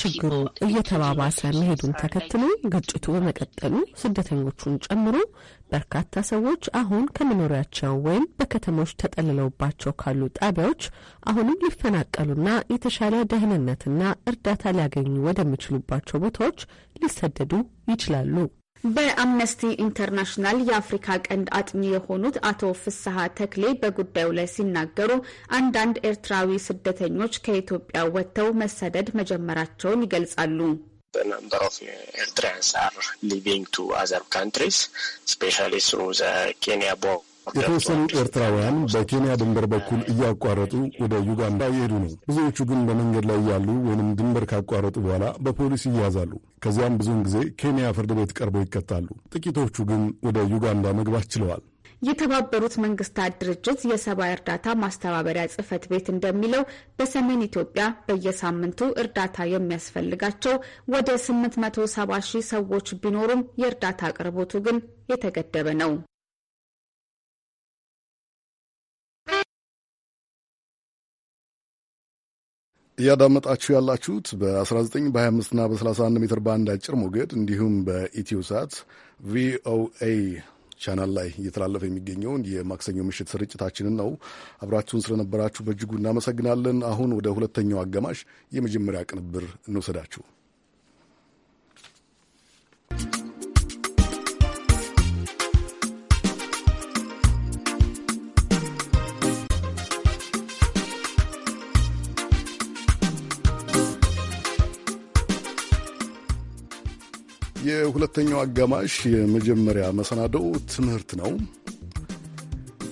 ችግሩ እየተባባሰ መሄዱን ተከትሎ ግጭቱ በመቀጠሉ ስደተኞቹን ጨምሮ በርካታ ሰዎች አሁን ከመኖሪያቸው ወይም በከተሞች ተጠልለውባቸው ካሉ ጣቢያዎች አሁንም ሊፈናቀሉና የተሻለ ደህንነትና እርዳታ ሊያገኙ ወደሚችሉባቸው ቦታዎች ሊሰደዱ ይችላሉ። በአምነስቲ ኢንተርናሽናል የአፍሪካ ቀንድ አጥኚ የሆኑት አቶ ፍስሐ ተክሌ በጉዳዩ ላይ ሲናገሩ አንዳንድ ኤርትራዊ ስደተኞች ከኢትዮጵያ ወጥተው መሰደድ መጀመራቸውን ይገልጻሉ። the number of uh, Eritreans are leaving to other countries, especially through the Kenya border. የተወሰኑ ኤርትራውያን በኬንያ ድንበር በኩል እያቋረጡ ወደ ዩጋንዳ እየሄዱ ነው። ብዙዎቹ ግን በመንገድ ላይ ያሉ ወይንም ድንበር ካቋረጡ በኋላ በፖሊስ ይያዛሉ። ከዚያም ብዙውን ጊዜ ኬንያ ፍርድ ቤት ቀርበው ይቀጣሉ። ጥቂቶቹ ግን ወደ ዩጋንዳ መግባት ችለዋል። የተባበሩት መንግስታት ድርጅት የሰብአዊ እርዳታ ማስተባበሪያ ጽህፈት ቤት እንደሚለው በሰሜን ኢትዮጵያ በየሳምንቱ እርዳታ የሚያስፈልጋቸው ወደ 870 ሺህ ሰዎች ቢኖሩም የእርዳታ አቅርቦቱ ግን የተገደበ ነው። እያዳመጣችሁ ያላችሁት በ19 በ25ና በ31 ሜትር ባንድ አጭር ሞገድ እንዲሁም በኢትዮ ሳት ቪኦኤ ቻናል ላይ እየተላለፈ የሚገኘውን የማክሰኞ ምሽት ስርጭታችንን ነው። አብራችሁን ስለነበራችሁ በእጅጉ እናመሰግናለን። አሁን ወደ ሁለተኛው አጋማሽ የመጀመሪያ ቅንብር you. የሁለተኛው አጋማሽ የመጀመሪያ መሰናዶው ትምህርት ነው።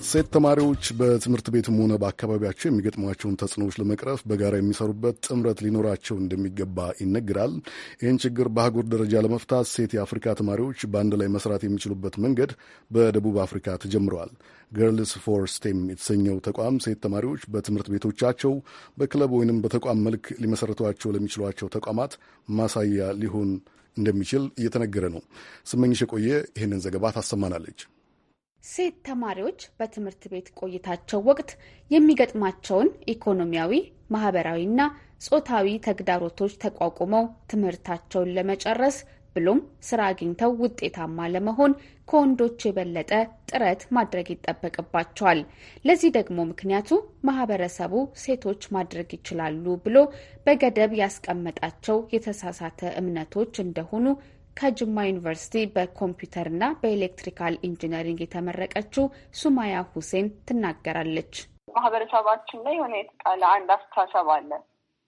ሴት ተማሪዎች በትምህርት ቤትም ሆነ በአካባቢያቸው የሚገጥሟቸውን ተጽዕኖዎች ለመቅረፍ በጋራ የሚሰሩበት ጥምረት ሊኖራቸው እንደሚገባ ይነገራል። ይህን ችግር በአህጉር ደረጃ ለመፍታት ሴት የአፍሪካ ተማሪዎች በአንድ ላይ መስራት የሚችሉበት መንገድ በደቡብ አፍሪካ ተጀምረዋል። ገርልስ ፎር ስቴም የተሰኘው ተቋም ሴት ተማሪዎች በትምህርት ቤቶቻቸው በክለብ ወይንም በተቋም መልክ ሊመሰረቷቸው ለሚችሏቸው ተቋማት ማሳያ ሊሆን እንደሚችል እየተነገረ ነው። ስመኝሽ የቆየ ይህንን ዘገባ ታሰማናለች። ሴት ተማሪዎች በትምህርት ቤት ቆይታቸው ወቅት የሚገጥማቸውን ኢኮኖሚያዊ፣ ማህበራዊና ጾታዊ ተግዳሮቶች ተቋቁመው ትምህርታቸውን ለመጨረስ ብሎም ስራ አግኝተው ውጤታማ ለመሆን ከወንዶች የበለጠ ጥረት ማድረግ ይጠበቅባቸዋል። ለዚህ ደግሞ ምክንያቱ ማህበረሰቡ ሴቶች ማድረግ ይችላሉ ብሎ በገደብ ያስቀመጣቸው የተሳሳተ እምነቶች እንደሆኑ ከጅማ ዩኒቨርሲቲ በኮምፒውተርና በኤሌክትሪካል ኢንጂነሪንግ የተመረቀችው ሱማያ ሁሴን ትናገራለች። ማህበረሰባችን ላይ የሆነ የተጣለ አንድ አስተሳሰብ አለ።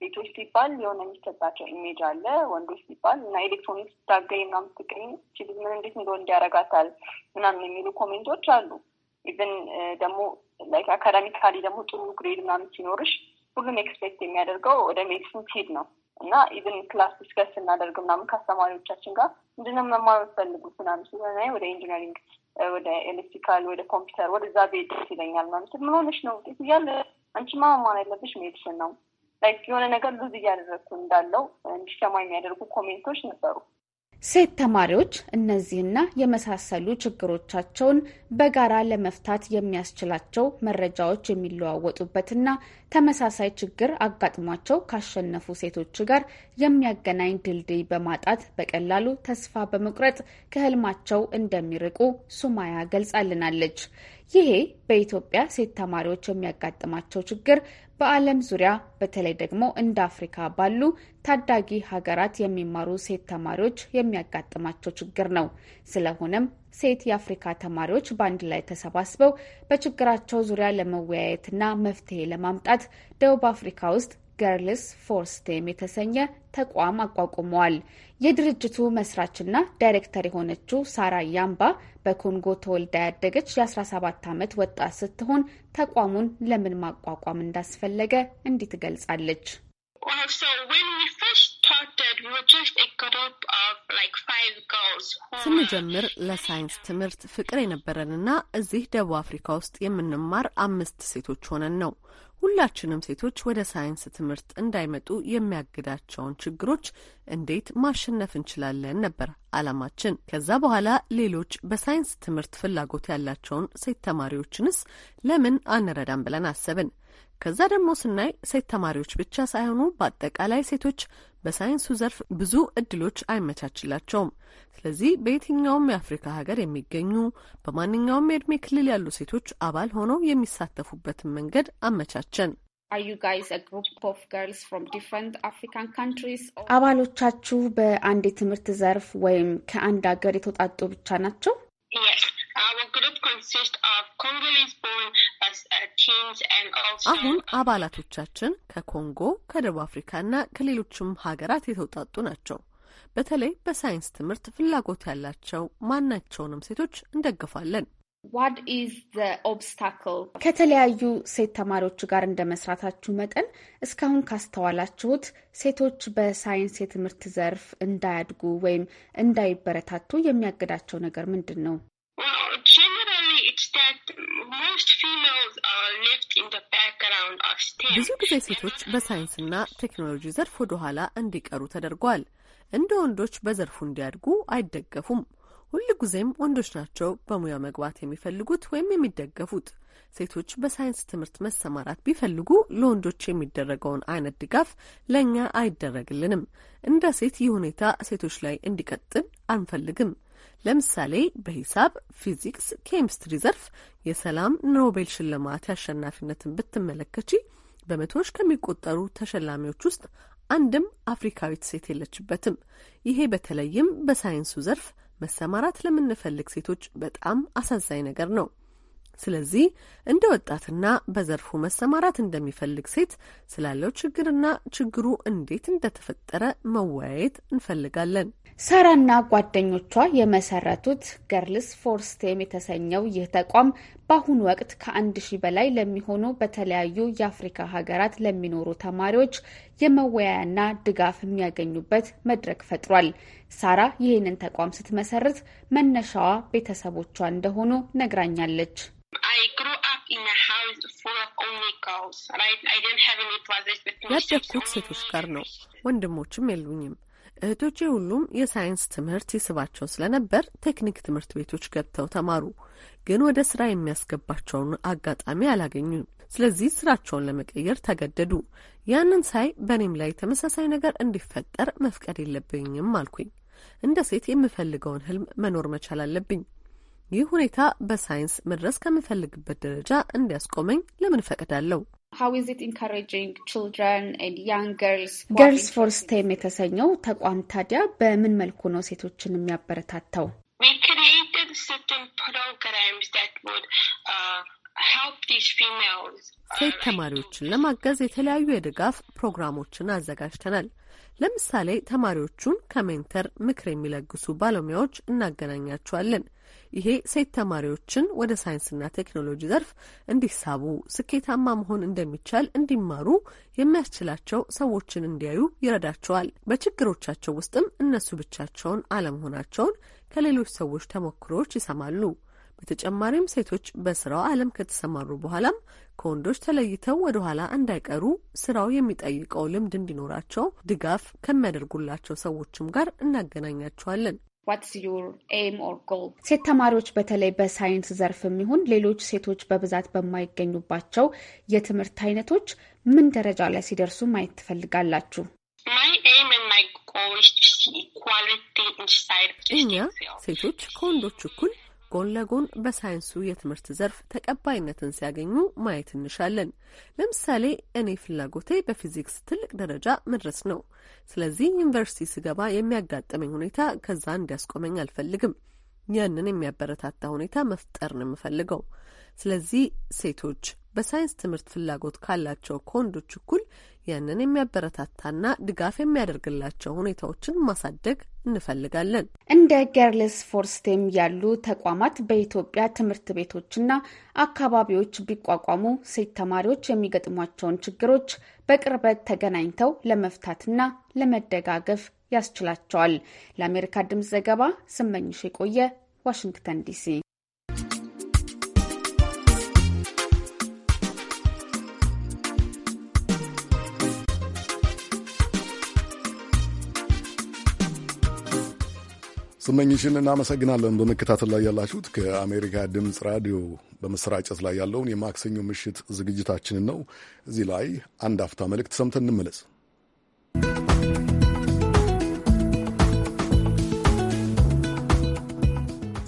ሴቶች ሲባል የሆነ የሚሰጣቸው ኢሜጅ አለ፣ ወንዶች ሲባል እና ኤሌክትሮኒክስ ስታገኝ ምናምን ስትገኝ ችል ምን እንዴት እንደ ወንድ ያደርጋታል ምናምን የሚሉ ኮሜንቶች አሉ። ኢቨን ደግሞ ላይክ አካዳሚካሊ ደግሞ ጥሩ ግሬድ ምናምን ሲኖርሽ ሁሉም ኤክስፔክት የሚያደርገው ወደ ሜዲሲን ሲሄድ ነው እና ኢቨን ክላስ ዲስከስ ስናደርግ ምናምን ከአስተማሪዎቻችን ጋር ምንድነው መማር የምትፈልጉት ምናምን ስለሆነ ወደ ኢንጂነሪንግ፣ ወደ ኤሌክትሪካል፣ ወደ ኮምፒውተር ወደዛ ቤድ ይለኛል ምናምን ምን ሆነሽ ነው ውጤት እያለ አንቺማ መማር ያለብሽ ሜዲሲን ነው ላይክ የሆነ ነገር ሉዝ እያደረግኩ እንዳለው uh, እንዲሰማ የሚያደርጉ ኮሜንቶች ነበሩ። ሴት ተማሪዎች እነዚህና የመሳሰሉ ችግሮቻቸውን በጋራ ለመፍታት የሚያስችላቸው መረጃዎች የሚለዋወጡበትና ተመሳሳይ ችግር አጋጥሟቸው ካሸነፉ ሴቶች ጋር የሚያገናኝ ድልድይ በማጣት በቀላሉ ተስፋ በመቁረጥ ከህልማቸው እንደሚርቁ ሱማያ ገልጻልናለች። ይሄ በኢትዮጵያ ሴት ተማሪዎች የሚያጋጥማቸው ችግር በዓለም ዙሪያ በተለይ ደግሞ እንደ አፍሪካ ባሉ ታዳጊ ሀገራት የሚማሩ ሴት ተማሪዎች የሚያጋጥማቸው ችግር ነው። ስለሆነም ሴት የአፍሪካ ተማሪዎች በአንድ ላይ ተሰባስበው በችግራቸው ዙሪያ ለመወያየትና መፍትሄ ለማምጣት ደቡብ አፍሪካ ውስጥ ገርልስ ፎርስቴም የተሰኘ ተቋም አቋቁመዋል። የድርጅቱ መስራችና ዳይሬክተር የሆነችው ሳራ ያምባ በኮንጎ ተወልዳ ያደገች የ17 ዓመት ወጣት ስትሆን ተቋሙን ለምን ማቋቋም እንዳስፈለገ እንዲህ ትገልጻለች። ስንጀምር ለሳይንስ ትምህርት ፍቅር የነበረንና እዚህ ደቡብ አፍሪካ ውስጥ የምንማር አምስት ሴቶች ሆነን ነው። ሁላችንም ሴቶች ወደ ሳይንስ ትምህርት እንዳይመጡ የሚያግዳቸውን ችግሮች እንዴት ማሸነፍ እንችላለን ነበር አላማችን። ከዛ በኋላ ሌሎች በሳይንስ ትምህርት ፍላጎት ያላቸውን ሴት ተማሪዎችንስ ለምን አንረዳም ብለን አሰብን። ከዛ ደግሞ ስናይ ሴት ተማሪዎች ብቻ ሳይሆኑ በአጠቃላይ ሴቶች በሳይንሱ ዘርፍ ብዙ እድሎች አይመቻችላቸውም። ስለዚህ በየትኛውም የአፍሪካ ሀገር የሚገኙ በማንኛውም የእድሜ ክልል ያሉ ሴቶች አባል ሆነው የሚሳተፉበትን መንገድ አመቻቸን። አባሎቻችሁ በአንድ የትምህርት ዘርፍ ወይም ከአንድ ሀገር የተውጣጡ ብቻ ናቸው? Uh, አሁን አባላቶቻችን ከኮንጎ፣ ከደቡብ እና ከሌሎችም ሀገራት የተውጣጡ ናቸው። በተለይ በሳይንስ ትምህርት ፍላጎት ያላቸው ማናቸውንም ሴቶች እንደግፋለን። ከተለያዩ ሴት ተማሪዎች ጋር እንደ መስራታችሁ መጠን እስካሁን ካስተዋላችሁት ሴቶች በሳይንስ የትምህርት ዘርፍ እንዳያድጉ ወይም እንዳይበረታቱ የሚያግዳቸው ነገር ምንድን ነው? Well, generally it's that most females are left in the background of STEM. ብዙ ጊዜ ሴቶች በሳይንስና ቴክኖሎጂ ዘርፍ ወደ ኋላ እንዲቀሩ ተደርጓል። እንደ ወንዶች በዘርፉ እንዲያድጉ አይደገፉም። ጊዜም ወንዶች ናቸው በሙያ መግባት የሚፈልጉት ወይም የሚደገፉት። ሴቶች በሳይንስ ትምህርት መሰማራት ቢፈልጉ ለወንዶች የሚደረገውን አይነት ድጋፍ ለእኛ አይደረግልንም። እንደ ሴት ይህ ሁኔታ ሴቶች ላይ እንዲቀጥል አንፈልግም። ለምሳሌ በሂሳብ፣ ፊዚክስ፣ ኬሚስትሪ ዘርፍ የሰላም ኖቤል ሽልማት አሸናፊነትን ብትመለከቺ በመቶዎች ከሚቆጠሩ ተሸላሚዎች ውስጥ አንድም አፍሪካዊት ሴት የለችበትም። ይሄ በተለይም በሳይንሱ ዘርፍ መሰማራት ለምንፈልግ ሴቶች በጣም አሳዛኝ ነገር ነው። ስለዚህ እንደ ወጣትና በዘርፉ መሰማራት እንደሚፈልግ ሴት ስላለው ችግርና ችግሩ እንዴት እንደተፈጠረ መወያየት እንፈልጋለን። ሳራና ጓደኞቿ የመሰረቱት ገርልስ ፎር ስቴም የተሰኘው ይህ ተቋም በአሁኑ ወቅት ከአንድ ሺህ በላይ ለሚሆኑ በተለያዩ የአፍሪካ ሀገራት ለሚኖሩ ተማሪዎች የመወያያና ድጋፍ የሚያገኙበት መድረክ ፈጥሯል። ሳራ ይህንን ተቋም ስትመሰርት መነሻዋ ቤተሰቦቿ እንደሆኑ ነግራኛለች። ያደግኩት ሴቶች ጋር ነው። ወንድሞችም የሉኝም። እህቶቼ ሁሉም የሳይንስ ትምህርት ይስባቸው ስለነበር ቴክኒክ ትምህርት ቤቶች ገብተው ተማሩ፣ ግን ወደ ስራ የሚያስገባቸውን አጋጣሚ አላገኙም። ስለዚህ ስራቸውን ለመቀየር ተገደዱ። ያንን ሳይ በእኔም ላይ ተመሳሳይ ነገር እንዲፈጠር መፍቀድ የለብኝም አልኩኝ። እንደ ሴት የምፈልገውን ህልም መኖር መቻል አለብኝ። ይህ ሁኔታ በሳይንስ መድረስ ከምፈልግበት ደረጃ እንዲያስቆመኝ ለምን ፈቅዳለሁ? ገርልስ ፎር ስቴም የተሰኘው ተቋም ታዲያ በምን መልኩ ነው ሴቶችን የሚያበረታታው? ሴት ተማሪዎችን ለማገዝ የተለያዩ የድጋፍ ፕሮግራሞችን አዘጋጅተናል። ለምሳሌ ተማሪዎቹን ከሜንተር ምክር የሚለግሱ ባለሙያዎች እናገናኛቸዋለን። ይሄ ሴት ተማሪዎችን ወደ ሳይንስና ቴክኖሎጂ ዘርፍ እንዲሳቡ፣ ስኬታማ መሆን እንደሚቻል እንዲማሩ የሚያስችላቸው ሰዎችን እንዲያዩ ይረዳቸዋል። በችግሮቻቸው ውስጥም እነሱ ብቻቸውን አለመሆናቸውን ከሌሎች ሰዎች ተሞክሮዎች ይሰማሉ። በተጨማሪም ሴቶች በስራው ዓለም ከተሰማሩ በኋላም ከወንዶች ተለይተው ወደ ኋላ እንዳይቀሩ ስራው የሚጠይቀው ልምድ እንዲኖራቸው ድጋፍ ከሚያደርጉላቸው ሰዎችም ጋር እናገናኛቸዋለን። ሴት ተማሪዎች በተለይ በሳይንስ ዘርፍ ይሁን ሌሎች ሴቶች በብዛት በማይገኙባቸው የትምህርት አይነቶች ምን ደረጃ ላይ ሲደርሱ ማየት ትፈልጋላችሁ? እኛ ሴቶች ከወንዶች እኩል ጎን ለጎን በሳይንሱ የትምህርት ዘርፍ ተቀባይነትን ሲያገኙ ማየት እንሻለን። ለምሳሌ እኔ ፍላጎቴ በፊዚክስ ትልቅ ደረጃ መድረስ ነው። ስለዚህ ዩኒቨርሲቲ ስገባ የሚያጋጥመኝ ሁኔታ ከዛ እንዲያስቆመኝ አልፈልግም። ያንን የሚያበረታታ ሁኔታ መፍጠር ነው የምፈልገው። ስለዚህ ሴቶች በሳይንስ ትምህርት ፍላጎት ካላቸው ከወንዶች እኩል ያንን የሚያበረታታና ድጋፍ የሚያደርግላቸው ሁኔታዎችን ማሳደግ እንፈልጋለን። እንደ ገርልስ ፎር ስቴም ያሉ ተቋማት በኢትዮጵያ ትምህርት ቤቶችና አካባቢዎች ቢቋቋሙ ሴት ተማሪዎች የሚገጥሟቸውን ችግሮች በቅርበት ተገናኝተው ለመፍታትና ለመደጋገፍ ያስችላቸዋል። ለአሜሪካ ድምፅ ዘገባ ስመኝሽ የቆየ ዋሽንግተን ዲሲ። ስመኝሽን እናመሰግናለን። በመከታተል ላይ ያላችሁት ከአሜሪካ ድምፅ ራዲዮ በመሰራጨት ላይ ያለውን የማክሰኞ ምሽት ዝግጅታችንን ነው። እዚህ ላይ አንድ አፍታ መልእክት ሰምተን እንመለስ።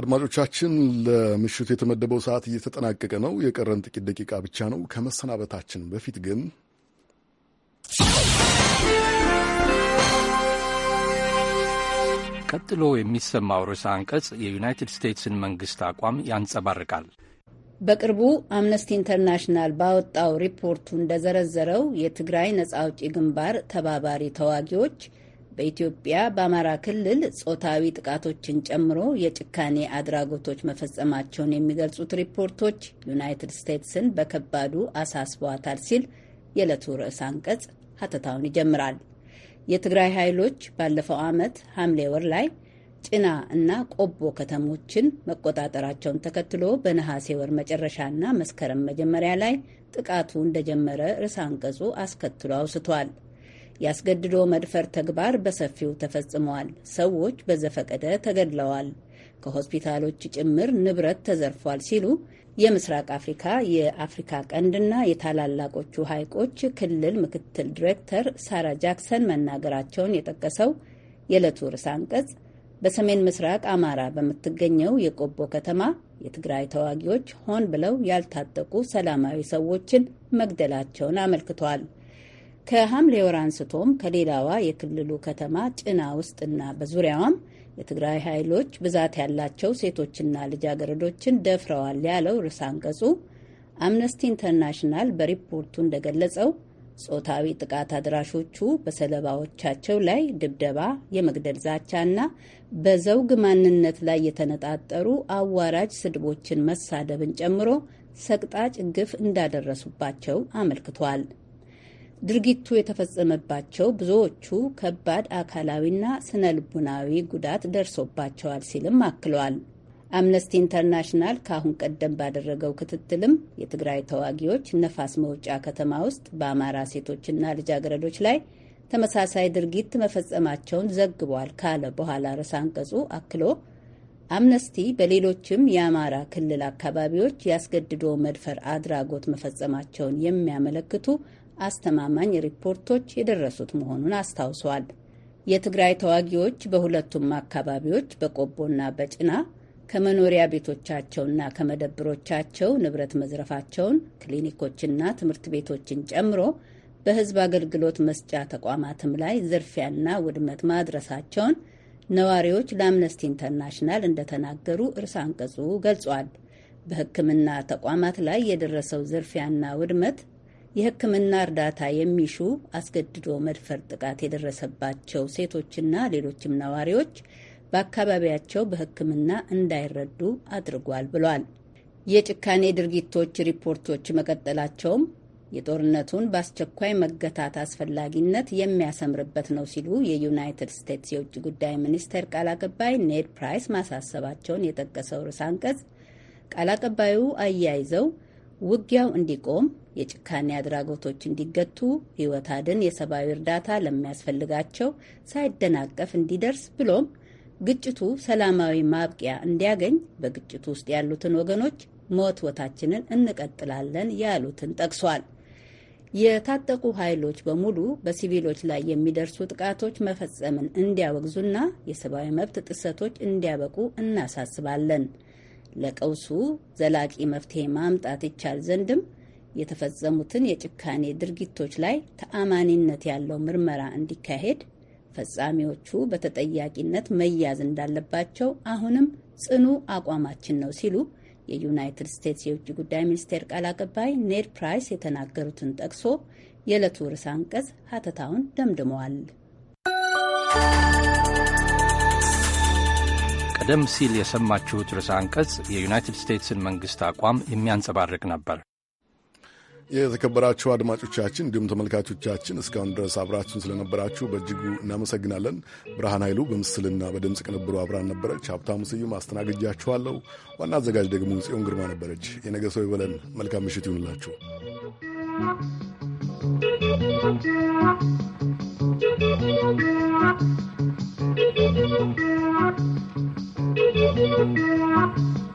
አድማጮቻችን ለምሽቱ የተመደበው ሰዓት እየተጠናቀቀ ነው። የቀረን ጥቂት ደቂቃ ብቻ ነው። ከመሰናበታችን በፊት ግን ቀጥሎ የሚሰማው ርዕሰ አንቀጽ የዩናይትድ ስቴትስን መንግስት አቋም ያንጸባርቃል። በቅርቡ አምነስቲ ኢንተርናሽናል ባወጣው ሪፖርቱ እንደዘረዘረው የትግራይ ነጻ አውጪ ግንባር ተባባሪ ተዋጊዎች በኢትዮጵያ በአማራ ክልል ጾታዊ ጥቃቶችን ጨምሮ የጭካኔ አድራጎቶች መፈጸማቸውን የሚገልጹት ሪፖርቶች ዩናይትድ ስቴትስን በከባዱ አሳስበዋታል ሲል የዕለቱ ርዕስ አንቀጽ ሀተታውን ይጀምራል። የትግራይ ኃይሎች ባለፈው ዓመት ሐምሌ ወር ላይ ጭና እና ቆቦ ከተሞችን መቆጣጠራቸውን ተከትሎ በነሐሴ ወር መጨረሻና መስከረም መጀመሪያ ላይ ጥቃቱ እንደጀመረ ርዕስ አንቀጹ አስከትሎ አውስቷል። የአስገድዶ መድፈር ተግባር በሰፊው ተፈጽሟል። ሰዎች በዘፈቀደ ተገድለዋል፣ ከሆስፒታሎች ጭምር ንብረት ተዘርፏል ሲሉ የምስራቅ አፍሪካ የአፍሪካ ቀንድና የታላላቆቹ ሐይቆች ክልል ምክትል ዲሬክተር ሳራ ጃክሰን መናገራቸውን የጠቀሰው የዕለቱ ርዕሰ አንቀጽ በሰሜን ምስራቅ አማራ በምትገኘው የቆቦ ከተማ የትግራይ ተዋጊዎች ሆን ብለው ያልታጠቁ ሰላማዊ ሰዎችን መግደላቸውን አመልክቷል። ከሐምሌ ወር አንስቶም ከሌላዋ የክልሉ ከተማ ጭና ውስጥና በዙሪያዋም የትግራይ ኃይሎች ብዛት ያላቸው ሴቶችና ልጃገረዶችን ደፍረዋል ያለው ርዕሰ አንቀጹ አምነስቲ ኢንተርናሽናል በሪፖርቱ እንደገለጸው ጾታዊ ጥቃት አድራሾቹ በሰለባዎቻቸው ላይ ድብደባ፣ የመግደል ዛቻና በዘውግ ማንነት ላይ የተነጣጠሩ አዋራጅ ስድቦችን መሳደብን ጨምሮ ሰቅጣጭ ግፍ እንዳደረሱባቸው አመልክቷል። ድርጊቱ የተፈጸመባቸው ብዙዎቹ ከባድ አካላዊና ስነ ልቡናዊ ጉዳት ደርሶባቸዋል ሲልም አክለዋል። አምነስቲ ኢንተርናሽናል ከአሁን ቀደም ባደረገው ክትትልም የትግራይ ተዋጊዎች ነፋስ መውጫ ከተማ ውስጥ በአማራ ሴቶችና ልጃገረዶች ላይ ተመሳሳይ ድርጊት መፈጸማቸውን ዘግቧል ካለ በኋላ ርዕሰ አንቀጹ አክሎ አምነስቲ በሌሎችም የአማራ ክልል አካባቢዎች ያስገድዶ መድፈር አድራጎት መፈጸማቸውን የሚያመለክቱ አስተማማኝ ሪፖርቶች የደረሱት መሆኑን አስታውሷል። የትግራይ ተዋጊዎች በሁለቱም አካባቢዎች በቆቦና በጭና ከመኖሪያ ቤቶቻቸውና ከመደብሮቻቸው ንብረት መዝረፋቸውን ክሊኒኮችና ትምህርት ቤቶችን ጨምሮ በሕዝብ አገልግሎት መስጫ ተቋማትም ላይ ዝርፊያና ውድመት ማድረሳቸውን ነዋሪዎች ለአምነስቲ ኢንተርናሽናል እንደተናገሩ እርስ አንቀጹ ገልጿል። በሕክምና ተቋማት ላይ የደረሰው ዝርፊያና ውድመት የሕክምና እርዳታ የሚሹ አስገድዶ መድፈር ጥቃት የደረሰባቸው ሴቶችና ሌሎችም ነዋሪዎች በአካባቢያቸው በሕክምና እንዳይረዱ አድርጓል ብሏል። የጭካኔ ድርጊቶች ሪፖርቶች መቀጠላቸውም የጦርነቱን በአስቸኳይ መገታት አስፈላጊነት የሚያሰምርበት ነው ሲሉ የዩናይትድ ስቴትስ የውጭ ጉዳይ ሚኒስቴር ቃል አቀባይ ኔድ ፕራይስ ማሳሰባቸውን የጠቀሰው ርዕሰ አንቀጽ ቃል አቀባዩ አያይዘው ውጊያው እንዲቆም፣ የጭካኔ አድራጎቶች እንዲገቱ፣ ሕይወት አድን የሰብአዊ እርዳታ ለሚያስፈልጋቸው ሳይደናቀፍ እንዲደርስ ብሎም ግጭቱ ሰላማዊ ማብቂያ እንዲያገኝ በግጭቱ ውስጥ ያሉትን ወገኖች መወትወታችንን እንቀጥላለን ያሉትን ጠቅሷል። የታጠቁ ኃይሎች በሙሉ በሲቪሎች ላይ የሚደርሱ ጥቃቶች መፈጸምን እንዲያወግዙና የሰብአዊ መብት ጥሰቶች እንዲያበቁ እናሳስባለን። ለቀውሱ ዘላቂ መፍትሄ ማምጣት ይቻል ዘንድም የተፈጸሙትን የጭካኔ ድርጊቶች ላይ ተአማኒነት ያለው ምርመራ እንዲካሄድ፣ ፈጻሚዎቹ በተጠያቂነት መያዝ እንዳለባቸው አሁንም ጽኑ አቋማችን ነው ሲሉ የዩናይትድ ስቴትስ የውጭ ጉዳይ ሚኒስቴር ቃል አቀባይ ኔድ ፕራይስ የተናገሩትን ጠቅሶ የዕለቱ ርዕሰ አንቀጽ ሀተታውን ደምድመዋል። ቀደም ሲል የሰማችሁት ርዕሰ አንቀጽ የዩናይትድ ስቴትስን መንግሥት አቋም የሚያንጸባርቅ ነበር። የተከበራችሁ አድማጮቻችን እንዲሁም ተመልካቾቻችን እስካሁን ድረስ አብራችን ስለነበራችሁ በእጅጉ እናመሰግናለን። ብርሃን ኃይሉ በምስልና በድምፅ ቅንብሩ አብራን ነበረች። ሀብታሙ ስዩም አስተናግጃችኋለሁ። ዋና አዘጋጅ ደግሞ ጽዮን ግርማ ነበረች። የነገ ሰው ይበለን። መልካም ምሽት ይሁንላችሁ። Thank you.